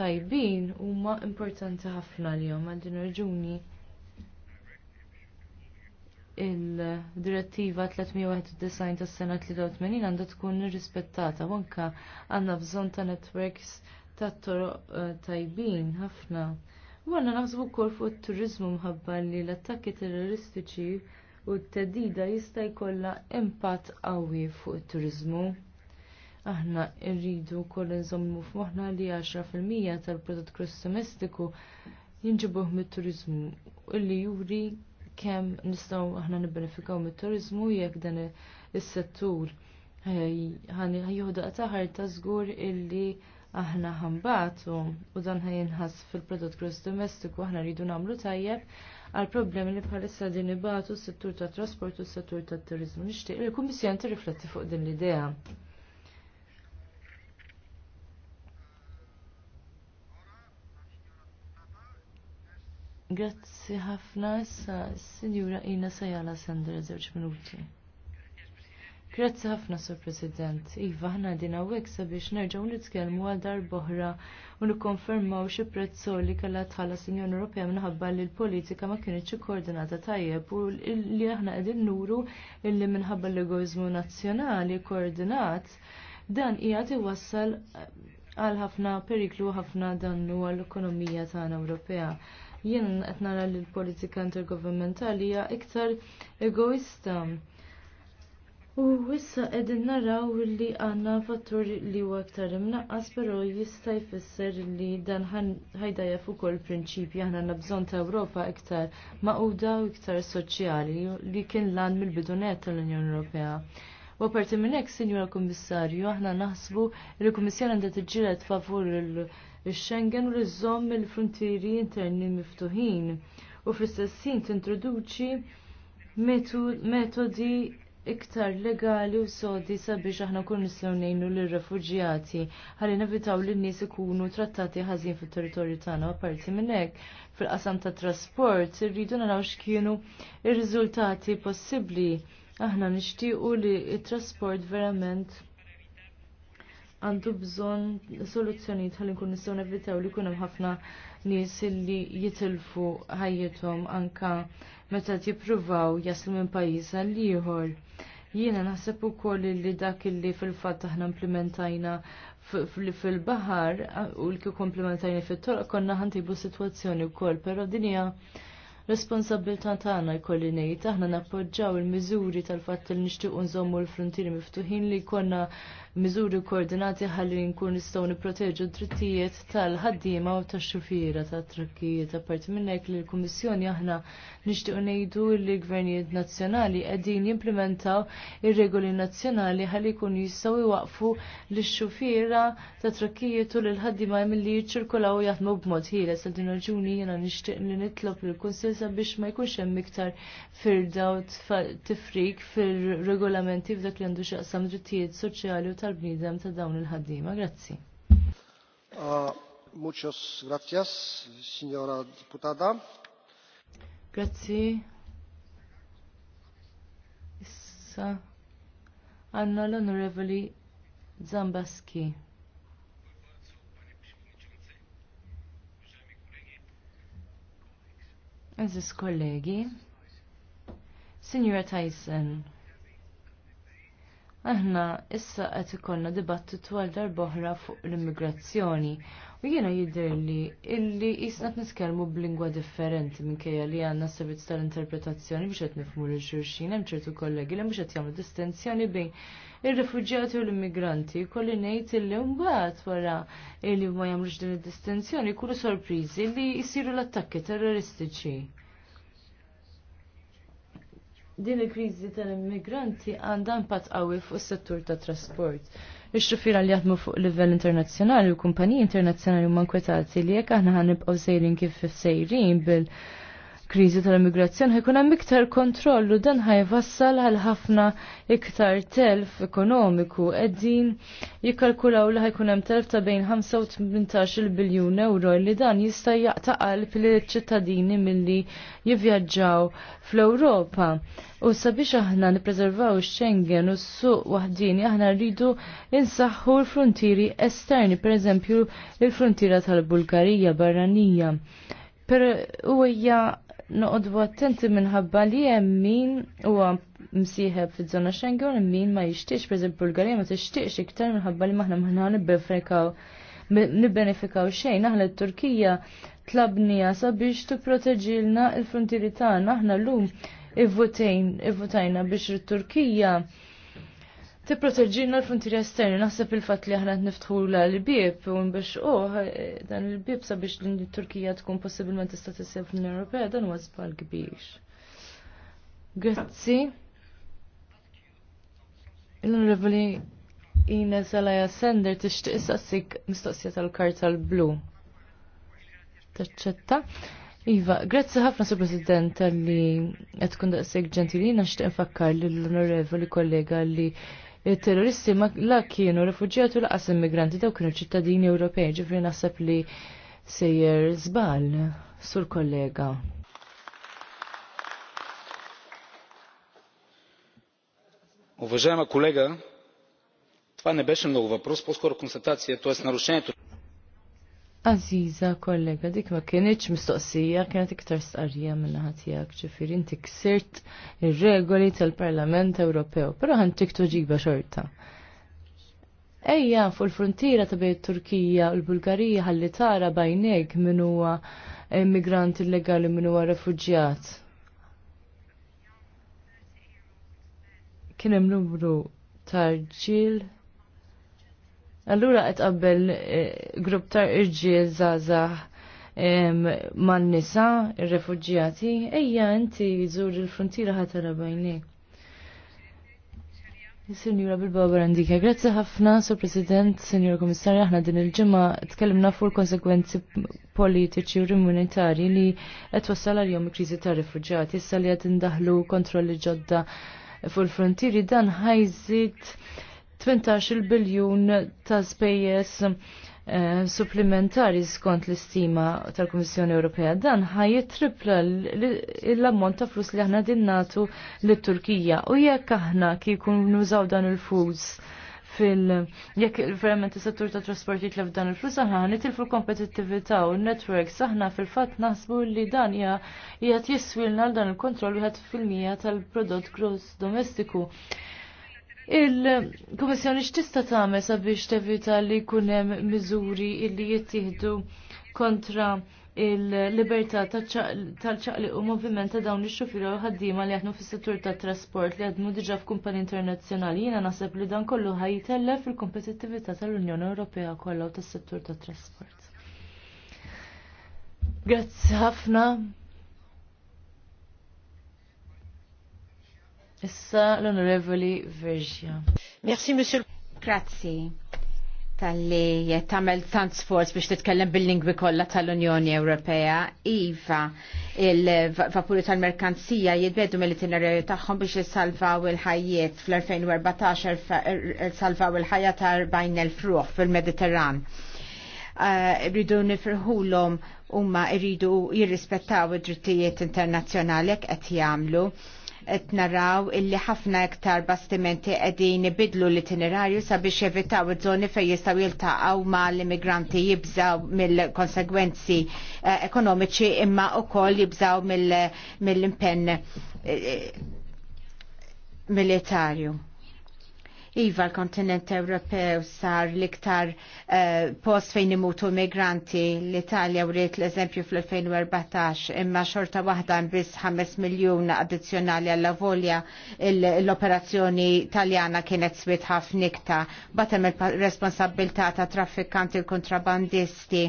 tajbin huma importanti ħafna l-jom għal din raġuni il-direttiva 391 tas sena 83 għandha tkun rispettata u anke għandna bżonn ta' networks ta' toroq eh, tajbin ħafna. U għandna naħsbu wkoll fuq it turiżmu mħabba li l-attakki terroristiċi u t-tedida jista' jkollha impatt qawwi fuq it-turiżmu. Aħna rridu wkoll nżommu f'moħħna li 10% tal-prodott gross domestiku jinġibuh mit-turiżmu u li juri kemm nistgħu aħna nibbenefikaw mit-turizmu jekk dan is-settur ħajjoħda taħar ta' żgur illi aħna ħambatu u dan ħajinħas fil-prodott gross domestiku aħna rridu nagħmlu tajjeb għal problemi li bħalissa din ibatu s-settur tat trasport u s-settur tat turizmu. Nixtieq il-Kummissjon tirrifletti fuq din l-idea. Grazzi ħafna sa Sinjura Ina Sajala Sandra żewġ minuti. Grazzi ħafna, Sur President. Iva, ħna dina għek sabiex nerġaw nitkellmu għal dar boħra u nikkonfermaw xi prezzo li kellha tħallas l-Unjoni Ewropea minħabba li l-politika ma kienitx koordinata tajjeb u li aħna qegħdin nuru illi minħabba l-egoizmu nazzjonali koordinat dan qiegħed iwassal għal ħafna periklu ħafna dannu għall-ekonomija tagħna Ewropea jien qed nara li l-politika intergovernmentali hija iktar egoista. U issa qegħdin naraw li għandna fattur li huwa iktar imnaqqas però jista' jfisser li dan ħajda fuq ukoll prinċipji aħna għandna bżonn ta' Ewropa iktar maquda u iktar soċjali li kien lan mill-bidunet tal-Unjoni Ewropea. U għaparti minn hekk, Sinjura Kummissarju, aħna naħsbu li l-Kummissjoni għandha tiġġieled favur il- ix-Schengen u li il-frontieri interni miftuħin u fl istessin t tintroduċi metodi iktar legali u sodi sabiex aħna kun nistgħu ngħinu lir-refuġjati ħalli nevitaw li n-nies ikunu trattati ħażin fit-territorju tagħna apparti minn hekk fil-qasam ta' trasport irridu naraw x'kienu ir-riżultati possibbli aħna nixtiequ li t trasport verament għandu bżonn soluzzjonijiet tal kun nistgħu nevitaw li jkun hemm ħafna nies li jitilfu ħajjithom anka meta jippruvaw jaslu minn pajjiż li ieħor. Jiena naħseb ukoll li dak li fil-fatt aħna implementajna fil-baħar u li komplementajna fit tor konna ħantibu sitwazzjoni wkoll, però din hija responsabilta tagħna jkolli ngħid aħna nappoġġaw il-miżuri tal-fatt li nixtiequ nżommu l frontiri miftuħin li jkollna miżuri koordinati ħalli nkun nistgħu nipproteġu d drittijiet tal-ħaddiema u tax-xufiera tat-trakkijiet. Apparti minn hekk li l-Kummissjoni aħna nixtiequ ngħidu li l-gvernijiet nazzjonali qegħdin jimplementaw ir-regoli nazzjonali ħalli jkunu jistgħu iwaqfu l-xufiera ta' trakkijiet u l-ħaddiema milli jiċċirkolaw jaħdmu b'mod ħieles għal din raġuni jiena nixtieq li nitlob lill-Kunsill sabiex ma jkunx hemm iktar firdaw tifrik fir-regolamenti f'dak li għandu xaqsam drittijiet soċjali u tal bnidem ta' dawn il ħaddima Grazzi. Ah, muchos gracias, signora deputada. Grazzi. Issa Anna l-onorevoli Zambaski. Aziz kollegi, Signora Tyson, aħna issa qed ikollna dibattitu għal darboħra fuq l-immigrazzjoni. U jiena li illi jisna qed nitkellmu b'lingwa differenti minkejja li għandna servizz tal-interpretazzjoni biex qed nifhmu lil xulxin hemm ċertu kollegi li mhux qed jagħmlu distinzjoni bejn ir rifuġjati u l-immigranti. Kolli ngħid illi mbagħad wara illi ma jagħmlux din id-distinzjoni jkunu sorpriżi li jsiru l-attakki terroristiċi din il-kriżi tal-immigranti għandha impatt qawwi fuq is-settur tat trasport. ix xufira li jaħdmu fuq livell internazzjonali u kumpaniji internazzjonali huma nkwetati li jekk aħna ħanibqgħu sejrin kif sejrin bil- kriżi tal-immigrazzjoni ħajkun hemm iktar kontroll u dan ħajfassal għal ħafna iktar telf ekonomiku qegħdin jikkalkulaw li ħajkun hemm telf ta' bejn 18-il biljun euro li dan jista' jaqta' qalb liċ ċittadini milli jivvjaġġaw fl-Ewropa. U sabiex aħna nipreservaw Schengen u s-suq waħdini aħna rridu insaħħu l-frontieri esterni, pereżempju l-frontiera tal-Bulgarija barranija. Per u hija noqodbu attenti minħabba li hemm min huwa msieħeb fiż-żona Schengen min ma jixtiex pereżempju Bulgarija ma tixtiex iktar minħabba li maħna maħna nibbenefikaw nibbenefikaw xejn aħna t-Turkija tlabnija sabiex tipproteġilna l-frontieri tagħna aħna llum ivvutejn ivvutajna biex it-Turkija tipproteġġina l-frontieri esterni. Naħseb il-fatt li aħna niftħu l-bib u biex uħ oh, dan il-bib sabiex l-Turkija tkun possibilment tista' tisib fl-Unjoni Ewropea dan huwa żball kbir. Grazzi. L-Onorevoli Ines Alaja Sender tixtieq issaqsik mistoqsija tal-karta l-blu. Taċċetta. Iva, grazzi ħafna su President li għetkun kun daqseg ġentilina xtiq nfakkar l-onorevoli kollega li il-terroristi ma la kienu refugjati la laqas immigranti daw kienu ċittadini Ewropej ġifri nasab li sejjer zbal sur kollega. Уважаема колега, това не беше много въпрос, по-скоро констатация, т.е. нарушението. Aziza kollega, dik ma kienieċ mistoqsija, kienet iktar starja minna ħatijak, ċifir inti ksirt il-regoli tal-Parlament Ewropew, pero ħan tiktu ġiba xorta. Ejja, fuq il frontira ta' bejt Turkija u l-Bulgarija ħalli tara bajnek minn huwa immigrant illegali minn huwa refuġjat. Kien hemm numru tarġil Allura qed qabel eh, grupp ta' irġiel żgħażagħ man-nisa, ir-refuġjati, ejja inti żur il-frontiera ħatara bajnik. Signora Bilbao Barandika, grazzi ħafna, Sur President, Signor Komissarju, aħna din il-ġimma tkellimna fuq konsekwenzi politiċi u immunitarji li qed wassal għalhom il-kriżi ta' rifuġjati, issa li qed indaħlu kontrolli ġodda fuq il-frontieri dan ħajżid 18 biljun ta' spejjeż eh, supplementari skont l-istima tal-Komissjoni Ewropea dan ħaj tripla l-ammont ta' flus li aħna din natu l-Turkija u jekk aħna kikun nużaw dan il-flus fil jekk verament is-settur ta' trasporti tlef dan il-flus aħna nitilfu l-kompetittività u n-networks aħna fil-fatt naħsbu li dan hija jiswilna għal dan il-kontroll wieħed fil-mija tal-prodott gross domestiku. Il-Kommissjoni x'tista' tagħmel sabiex tevita li jkun hemm miżuri li jittieħdu kontra il-libertà tal-ċaqli u moviment ta' dawn ix-xufira u ħaddiema li jaħdmu fis-settur tat-trasport li għadmu diġà f'kumpani internazzjonali jiena naħseb li dan kollu ħajtellef il-kompetittività tal-Unjoni Ewropea kollha u tas-settur tat-trasport. Grazzi ħafna. Issa l-Onorevoli Vergia. Merci, Monsieur. Grazzi tal-li tamel tant sforz biex titkellem bil-lingwi kollha tal-Unjoni Ewropea. Iva, il-vapuri tal-merkanzija jidbedu mill-itinerarju tagħhom biex jissalvaw il-ħajjiet fl-2014 er, salvaw il-ħajja ta' 40,000 ruħ fil-Mediterran. Uh, rridu nifirħulhom huma rridu jirrispettaw id-drittijiet internazzjonali qed jagħmlu qed naraw illi ħafna iktar bastimenti qegħdin ibidlu l-itinerarju sabiex jevitaw iż-żoni fejn jistgħu jiltaqgħu mal immigranti jibżaw mill-konsegwenzi eh, ekonomiċi imma wkoll jibżaw mill-impenn eh, eh, militarju. Iva l-kontinent Ewropew sar liktar uh, post fejn imutu migranti l-Italja u rrit l-eżempju fl-2014 imma xorta wahda biss 5 miljon addizjonali għalla volja l-operazzjoni taljana kienet swit ħafnikta batem il-responsabilta ta' traffikanti l kontrabandisti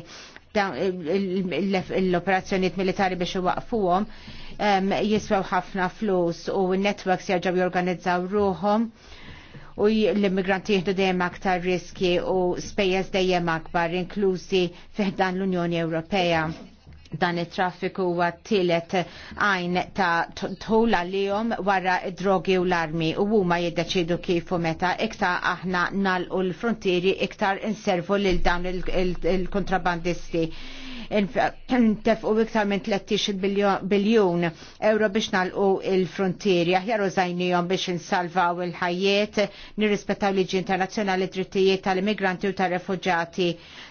l-operazzjoniet militari biex iwaqfuhom jiswew ħafna flus u n-networks jarġaw jorganizzaw ruhom u l-immigranti jieħdu dejjem aktar riski u spejjeż dejjem akbar inklużi fiħdan l-Unjoni Ewropea dan it-traffiku huwa tielet għajn ta' tħul għalihom wara id-drogi u l-armi u huma jiddeċidu kif u meta iktar aħna nagħlqu l-frontieri iktar inservu lil dawn il-kontrabandisti. il kontrabandisti il tefqu iktar minn 13 biljun euro biex nalqu il-frontieri, aħjar użajnijom biex insalvaw il-ħajiet, nirrispettaw liġi internazzjonali drittijiet tal-immigranti u tal-refugġati.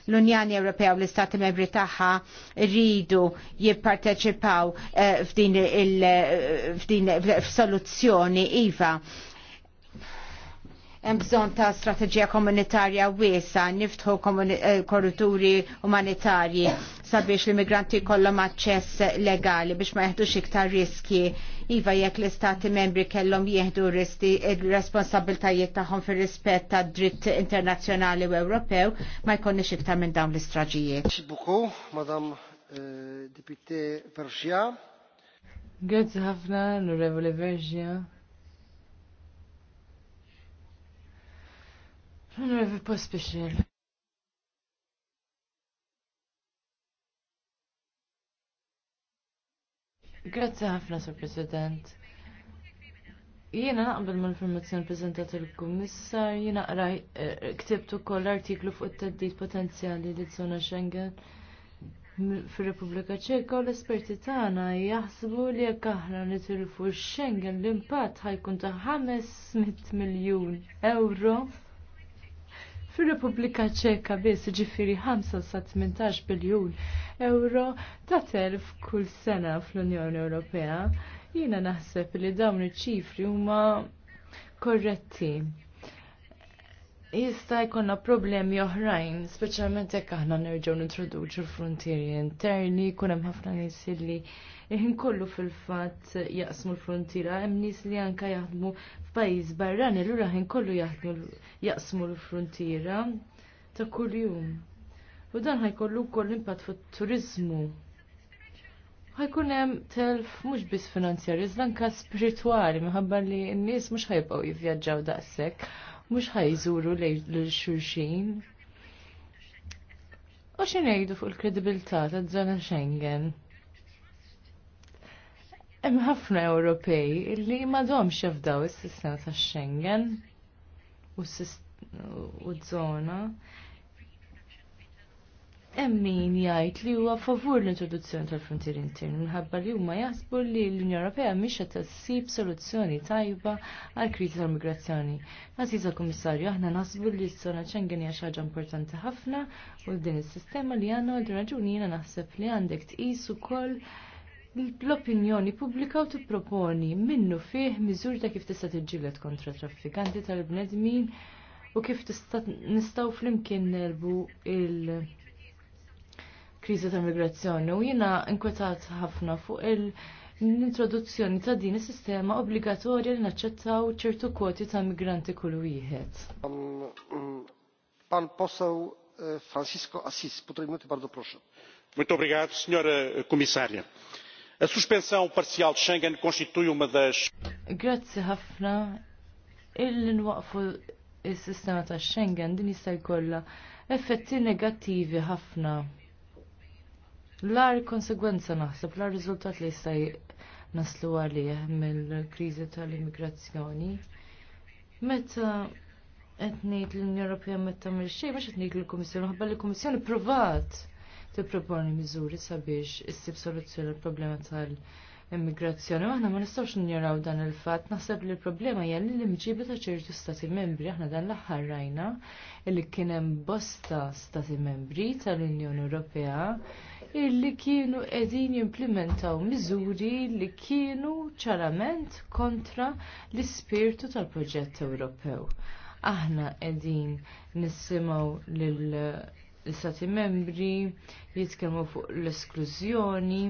L-Unjoni Ewropea u l-Istati Membri tagħha rridu jipparteċipaw eh, f'din il-soluzzjoni iva hemm bżonn ta' strateġija komunitarja wiesa niftħu eh, korruturi umanitarji sabiex l-immigranti jkollhom aċċess legali biex ma jeħdux iktar riski. Iva jekk l-istati membri kellhom jieħdu r-responsabiltajiet tagħhom fir-rispett tad dritt internazzjonali u Ewropew ma jkollniex iktar minn dawn l-istraġijiet. Madam eh, Deputy Persia. Grazie ħafna, l-Onorevole Vergia. Honorable Pospešil. Grazie ħafna, Sir President. Jiena naqbel mal informazzjoni prezentat il-Kummissar, jiena eh, ktibtu koll artiklu fuq it-teddit potenzjali li zona Schengen fil-Repubblika Ċeka u l-esperti tagħna jaħsbu li jekk aħna nitilfu Schengen l-impatt ħajkun ta' 500 miljun euro Fir-Repubblika Ċeka biss ġifiri 5 sa 18 biljun euro ta' telf kull sena fl-Unjoni Ewropea. Jiena naħseb li dawn iċ-ċifri huma korretti. Jista' jkollna problemi oħrajn, speċjalment jekk aħna nerġgħu nintroduċu l-frontieri interni, jkun hemm ħafna nies li Iħin kollu fil-fat jaqsmu l-frontira, hemm nies li anka jaħdmu f'pajjiż barrani, ura ħin kollu jaqsmu l-frontiera ta' kuljum. U dan ħajkollu wkoll impatt fit-turizmu. Ħajkun hemm telf mhux biss finanzjarji, iżda spiritwali minħabba li n-nies mhux ħajbqgħu jivvjaġġaw daqshekk, mhux ħajżuru lil xulxin. U xi ngħidu fuq il-kredibilità taż-żona Schengen? Hemm ħafna Ewropej li m'għadhomx jafdaw is-sistema tax-Schengen u z-żona. Hemm min jgħid li huwa favur l-introduzzjoni tal-frontier intern minħabba li huma jaħsbu li l-Unjoni Ewropea mhix qed tassib soluzzjoni tajba għal kriżi tal-migrazzjoni. Għażiża Kummissarju, aħna naħsbu li s żona Schengen hija xi ħaġa importanti ħafna u din is-sistema li għandna għal raġuni jiena naħseb li għandek tqis ukoll l-opinjoni pubblika u tipproponi minnu fih miżur ta' kif tista' tiġġieled kontra traffikanti tal-bnedmin u kif tista' nistgħu flimkien nerbu il- kriżi ta' migrazzjoni u jiena inkwetat ħafna fuq l-introduzzjoni ta' din is-sistema obbligatorja li naċċettaw ċertu kwoti ta' migranti kull wieħed. Pan posaw e, Francisco Assis, potrei minuty, bardzo proszę. Muito obrigado, senhora comissária. A suspensão parcial de Schengen constitui uma das. Grazzi ħafna. Il-nwaqfu il-sistema ta' Schengen din jista' jkollha effetti negattivi ħafna. L-ar konsegwenza naħseb, l-ar li jista' naslu għalih mill-kriżi tal-immigrazzjoni. Meta qed ngħid l-Unjoni Ewropea meta mill-xej, mhux qed ngħid lill-Kummissjoni, ħabba l-Kummissjoni provat tipproponi miżuri sabiex issib soluzzjoni l-problema tal-immigrazzjoni. Aħna ma nistgħux ninjaraw dan il-fatt, naħseb li l-problema hija li l-imġiba ta' ċerti stati membri aħna dan l-aħħar rajna li kien hemm bosta stati membri tal-Unjoni Ewropea illi kienu edin jimplementaw miżuri li kienu ċarament kontra l-ispirtu tal-proġett Ewropew. Aħna edin nissimaw lil l-istati membri, jitkellmu fuq l-esklużjoni.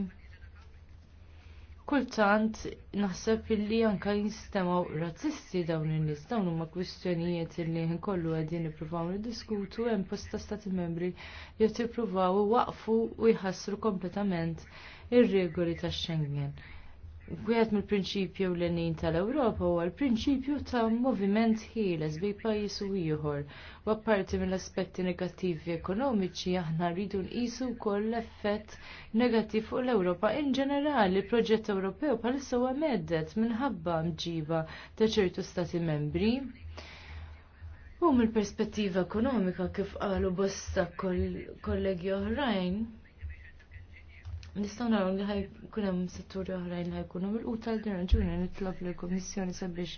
Kultant naħseb illi anka jistemaw razzisti dawn in-nies, dawn huma kwistjonijiet illi nkollu qegħdin nippruvaw niddiskutu hemm posta stati membri li qed waqfu u jħassru kompletament ir-regoli tax-Schengen. Għiet mill-prinċipju l-enin tal-Ewropa huwa l-prinċipju ta' moviment ħieles bej pajis u ieħor. U apparti mill-aspetti negattivi ekonomiċi aħna rridu nqisu wkoll l-effett negattiv fuq l-Ewropa in ġenerali. Proġett Ewropew bħalissa u meddet minħabba mġiba ta' ċertu stati membri. U mill-perspettiva ekonomika kif qalu bosta kollegi oħrajn, Nistgħu naraw li ħaj hemm setturi oħrajn li ħajkunu mill-quta l din raġuni nitlob l-Komissjoni sabiex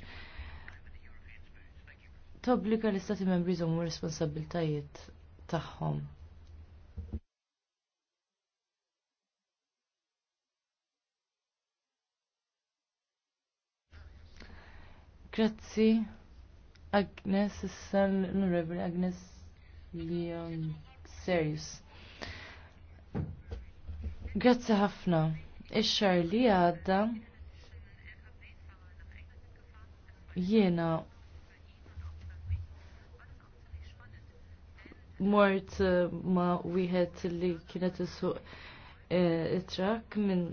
tobbliga l-Istati Membri jżommu responsabiltajiet tagħhom. Grazzi Agnes, issa l-Onorevoli Agnes Leon Serious. Grazzi ħafna. Ix-xar li għadda jiena mort eh, ma wieħed li kienet issuq eh, it-trak minn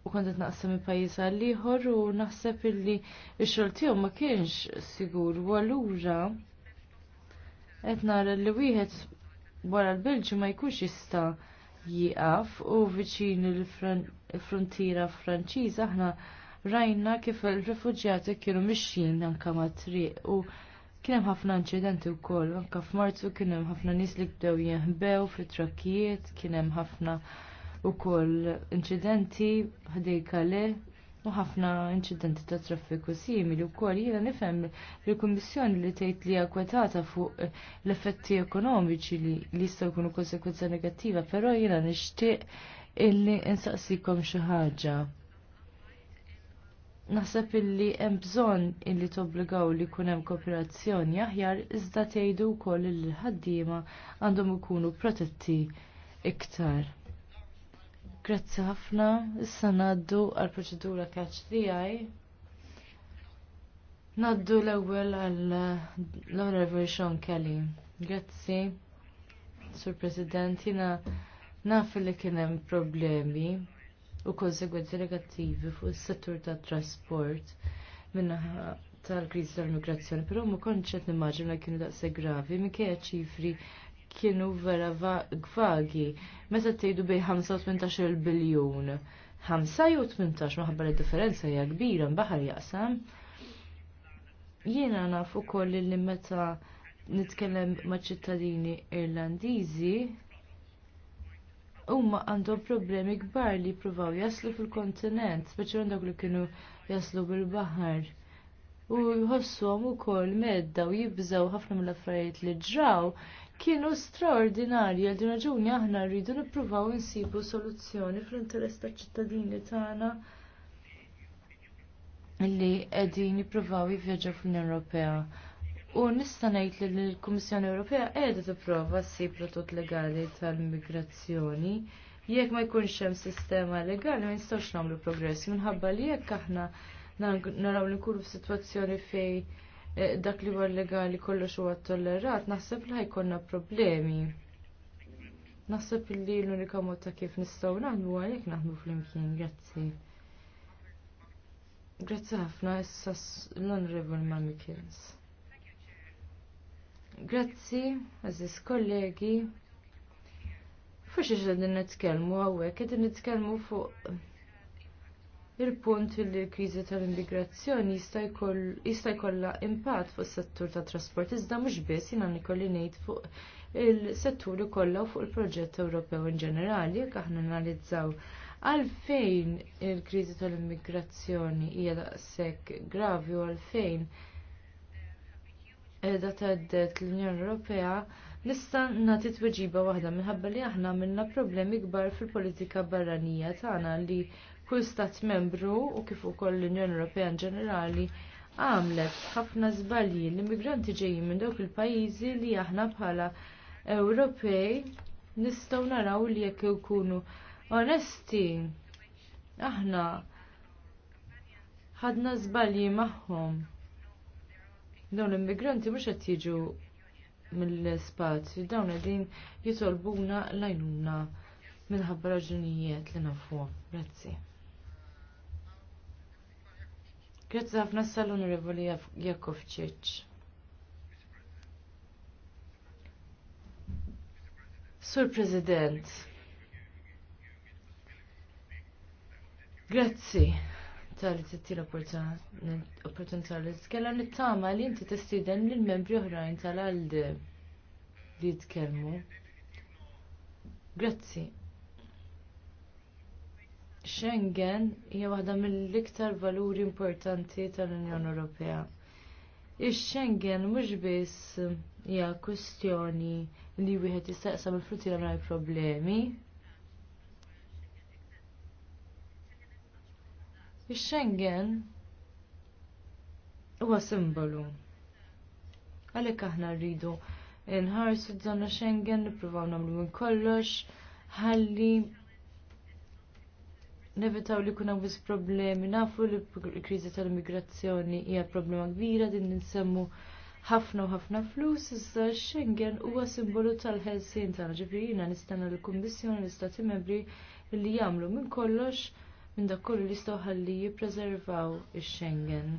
u kontet naqsam il pajjiż għal-liħor u naħseb illi il-xol tiegħu ma kienx sigur u għallura qed nara li wieħed wara l-Belġu ma jkunx jista' jiqaf u viċin il-frontiera Franċiża aħna rajna kif il-refuġjati kienu mixjin anka mat-triq u kien hemm ħafna inċidenti wkoll anke f'Marzu kien hemm ħafna nies li bdew jeħbew fit-trakkijiet, kien hemm ħafna ukoll inċidenti ħdejka le u ħafna inċidenti ta' traffiku simili wkoll jina nifhem l kummissjoni li tgħid li kwetata fuq eh, l-effetti ekonomiċi li jistgħu jkunu konsekwenza negattiva, però jiena nixtieq illi insaqsikom xi ħaġa naħseb illi hemm bżonn illi tobbligaw li jkun hemm kooperazzjoni aħjar iżda tgħidu wkoll li l-ħaddiema għandhom ikunu protetti iktar. Grazzi ħafna, issa naddu għal proċedura kaċ tijaj. Naddu l-ewel għal l-Honorable Sean Kelly. Grazzi, Sur President, jina naf li kienem problemi u konsegwenzi negattivi fuq is-settur tat trasport minna tal-kriżi tal-migrazzjoni, però ma kontx qed li kienu daqse gravi minkejja ċifri kienu vera gvagi. Meta tgħidu bej 85 biljun. 5 jew 18 maħabba li differenza hija kbira mbaħar jaqsam. Jiena nafu ukoll li meta nitkellem ma' ċittadini Irlandiżi Umma għandhom problemi kbar li jippruvaw jaslu fil-kontinent, speċjalment dawk li kienu jaslu bil-baħar. U jħossuhom ukoll medda u jibżgħu ħafna mill-affarijiet li ġraw kienu straordinarji għal din raġuni aħna rridu nippruvaw insibu soluzzjoni fl-interess tal-ċittadini tagħna li qegħdin jippruvaw jivvjaġġaw fl-Unjoni Ewropea. U nista' ngħid li l-Kummissjoni Ewropea qiegħda tipprova ssib prodott legali tal-migrazzjoni. Jekk ma jkunx hemm sistema legali ma nistgħux nagħmlu progress minħabba li jekk aħna naraw li nkunu f'sitwazzjoni fejn Eh, dak li huwa legali kollox huwa tollerat, naħseb li ħajkonna problemi. Naħseb li l-unika mod ta' kif nistgħu naħdmu għalhekk naħdmu flimkien, grazzi. Grazzi ħafna issa l-Honorable Mamikins. Grazzi, għaziz kollegi. fuxi iġedin nitkelmu għawek, għedin nitkellmu fuq il-punt li l-kriżi tal-immigrazzjoni jista' jkollha impatt fuq is-settur tat trasport iżda mhux biss jiena nikolli ngħid fuq il-settur kollha fuq il-proġett Ewropew in ġenerali jekk aħna analizzaw għalfejn il-kriżi tal-immigrazzjoni hija daqshekk gravi u għalfejn edha tgħaddet l-Unjoni Ewropea Nista' nagħti tweġiba waħda minħabba li aħna minna problemi kbar fil-politika barranija tagħna li kull stat membru u kif ukoll l-Unjoni Ewropea ġenerali għamlet ħafna żbalji l-immigranti ġejjin minn dawk il-pajjiżi li aħna bħala Ewropej nistgħu naraw li jekk ikunu onesti aħna ħadna żbalji magħhom. Dawn l-immigranti mhux qed jiġu mill-spazju, dawn qegħdin jitolbuna l-għajnuna minħabba raġunijiet li nafu. Grazzi. Grazzi ħafna sal-Onorevoli Jakovčić. Sur President, grazzi tal-li t-titti l-opportunità li t-tkellem li t tkellem li tama li inti t-istiden li l-membri uħrajn tal-għaldi li t Grazzi. Schengen hija waħda mill-iktar valuri importanti tal-Unjoni Ewropea. Ix-Schengen mhux biss hija kwestjoni li wieħed jistaqsam mill frutiera mingħajr problemi. Ix-Schengen huwa simbolu. Għalhekk aħna rridu nħarsu d-żona Schengen, nippruvaw nagħmlu minn kollox, ħalli nevitaw li kuna bis problemi, nafu li l-kriżi tal-immigrazzjoni hija problema kbira din ninsemmu ħafna u ħafna flus, iżda Schengen huwa simbolu tal-ħelsien tagħna, ġifieri jiena nistenna l-Kummissjoni l-Istati Membri li jagħmlu minn kollox minn dak kollu li jistgħu ħalli jippreservaw ix-Schengen.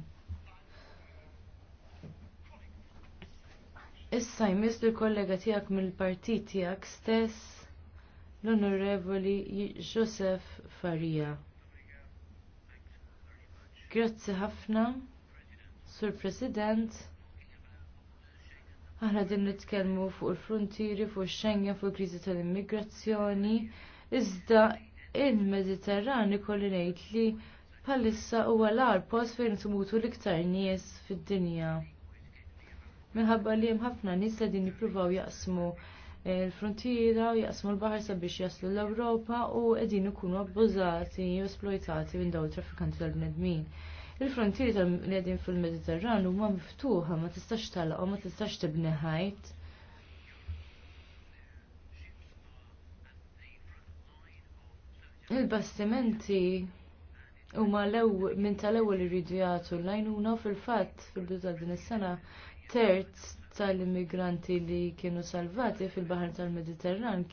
Issa jmiss li kollega tiegħek mill-partit tiegħek stess l-Onorevoli Joseph Faria. Grazzi ħafna, Sur President. Aħna din nitkellmu fuq il-frontieri, fuq Schengen, fuq il-kriżi tal-immigrazzjoni, iżda il-Mediterran kolli ngħid li bħalissa huwa l-ar post fejn tmutu l-iktar nies fid-dinja. Minħabba li hemm ħafna nies qegħdin din jippruvaw jaqsmu il-frontiera u jaqsmu l-baħar sabiex jaslu l-Ewropa u qegħdin ikunu abbużati u esploitati minn dawn traffikanti tal-bnedmin. Il-frontieri tal bnedmin fil-Mediterran huma miftuħa ma tistax u ma tistax tibni ħajt. Il-bastimenti huma minn tal-ewwel irridu jagħtu l-lajnuna fil-fatt fil-bidu tal din is-sena terz tal-immigranti li kienu salvati fil-Baħar tal-Mediterran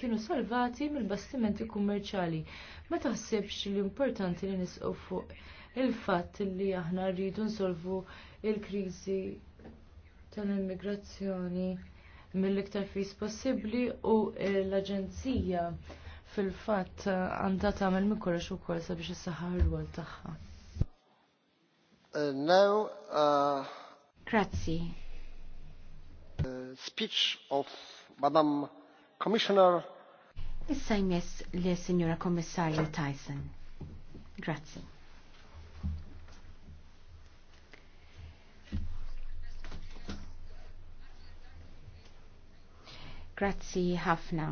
kienu salvati mill-bastimenti kummerċali. Ma taħsibx li importanti li nisqu fuq il-fatt li aħna rridu nsolvu il-kriżi tal-immigrazzjoni mill-iktar fis possibbli u l-Aġenzija fil-fatt għandha tagħmel minn kollox ukoll sabiex is-saħħa r-rwol tagħha. Uh, uh, Grazzi speech of Madam Commissioner. Issa jmess li Signora Kommissarju Tyson. Grazie. Grazzi ħafna.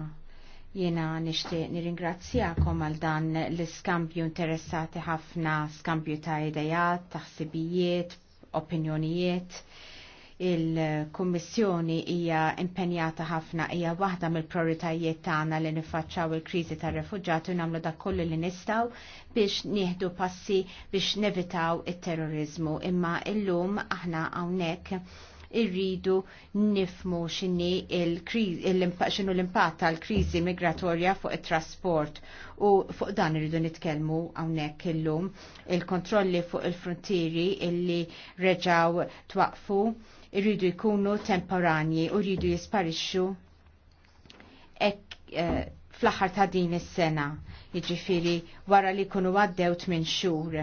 Jena nishtiq nirringrazzjakom għal dan l-iskambju interessati ħafna skambju ta' idejat, taħsibijiet, opinjonijiet il-Kummissjoni hija impenjata ħafna hija waħda mill-prioritajiet tagħna li niffaċċaw il-kriżi tar-refuġġati u nagħmlu dak kollu li nistgħu biex nieħdu passi biex nevitaw it-terrorizmu. Imma illum aħna hawnhekk irridu nifmu x'inhi x'inhu l-impatt tal-kriżi migratorja fuq it-trasport u fuq dan irridu nitkellmu hawnhekk illum il-kontrolli fuq il-frontieri illi reġaw twaqfu irridu jkunu temporanji u rridu jisparixxu ek eh, fl-aħħar ta' din is-sena, jiġifieri wara li jkunu għaddew minn xhur.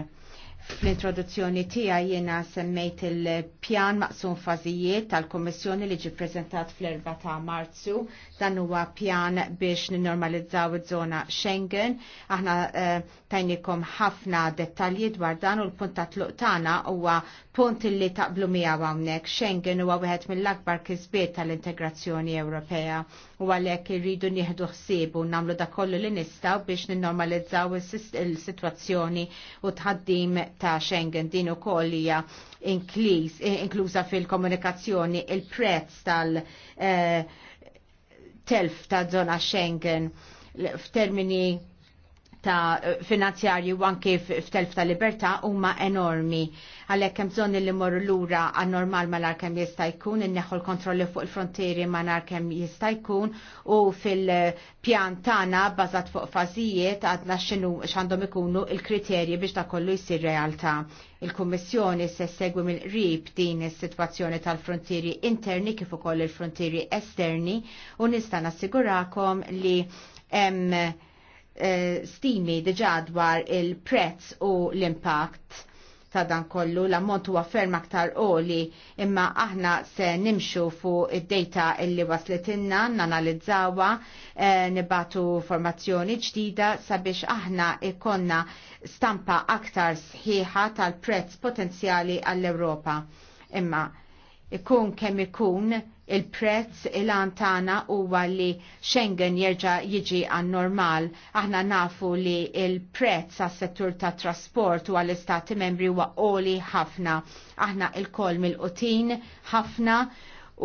Fl-introduzzjoni tiegħi jiena semmejt il-pjan maqsum fażijiet tal-Kummissjoni li ġi preżentat fl-4 ta' Marzu. Dan huwa pjan biex ninormalizzaw iż-żona Schengen. Aħna eh, tajnikom ħafna dettalji dwar dan u l-punt ta' tluq tagħna huwa punt li taqblu miegħu hawnhekk Schengen huwa wieħed mill-akbar kisbiet tal-integrazzjoni Ewropea u għalhekk irridu nieħdu ħsieb u nagħmlu da kollu li nistgħu biex ninnormalizzaw is-sitwazzjoni u tħaddim ta' Schengen din ukoll hija eh, inkluża fil-komunikazzjoni il-prezz tal-telf eh, ta' zona Schengen f'termini ta' finanzjarju anke f'telf ta' libertà huma enormi. Għalhekk hemm bżonn li morru lura anormal normal malar kemm jista' jkun, inneħħu l-kontrolli fuq il-frontieri malar kemm jista' jkun u fil-pjan tagħna bażat fuq fażijiet għadna x'inhu x'għandhom ikunu il-kriterji biex ta' kollu jsir realtà. Il-Kummissjoni se segwi mill-qrib din is-sitwazzjoni tal-frontieri interni kif ukoll il-frontieri esterni u nista' nassigurakom li hemm Eh, stimi diġa dwar il-prezz u l impact ta' dan kollu l-ammont huwa ferm aktar qoli imma aħna se nimxu fuq id-data illi waslitinna nanalizzawa eh, nibatu formazzjoni ġdida sabiex aħna ikonna stampa aktar sħiħa tal-prezz potenzjali għall-Ewropa. Imma ikun kemm ikun il-prezz il-antana huwa li Schengen jerġa' jiġi għan normal. Aħna nafu li il-prezz għas settur ta' trasport u għall-istati membri huwa oli ħafna. Aħna il-kol mill-qotin ħafna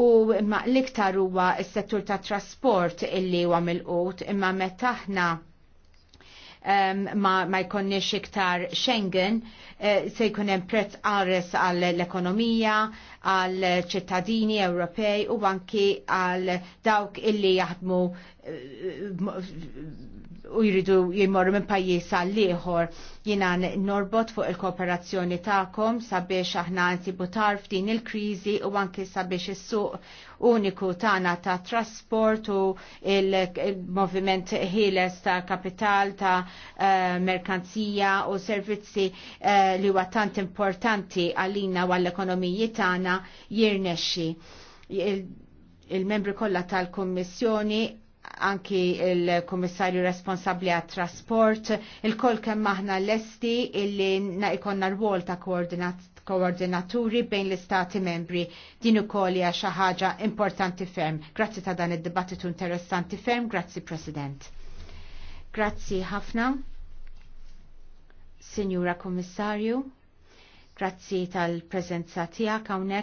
u imma l-iktar huwa s-settur ta' trasport illi huwa mill-qut imma metaħna um, ma, ma jkonniex iktar Schengen uh, se jkun hemm prezz qares għall ekonomija għal ċittadini Ewropej u anki għal dawk illi jaħdmu eh, u jridu jimorru minn pajjiż għal ieħor jiena norbot fuq il-kooperazzjoni tagħkom sabiex aħna nsibu tarf din il-kriżi u anki sabiex is-suq uniku tagħna ta' trasport u il-moviment ħieles ta' kapital ta' eh, merkanzija u servizzi eh, li huwa tant importanti għalina u għall-ekonomiji tagħna jirnexxi. Il-membri il kollha tal-Kummissjoni anki il kommissarju responsabli għat trasport, il koll kemm maħna l-esti illi na ikonna rwol ta' koordinaturi bejn l-istati membri din ukoll hija xi ħaġa importanti ferm. Grazzi ta' dan id-dibattitu interessanti ferm, grazzi President. Grazzi ħafna. Signora Kommissarju, grazzi tal-prezenza tiegħek hawnhekk.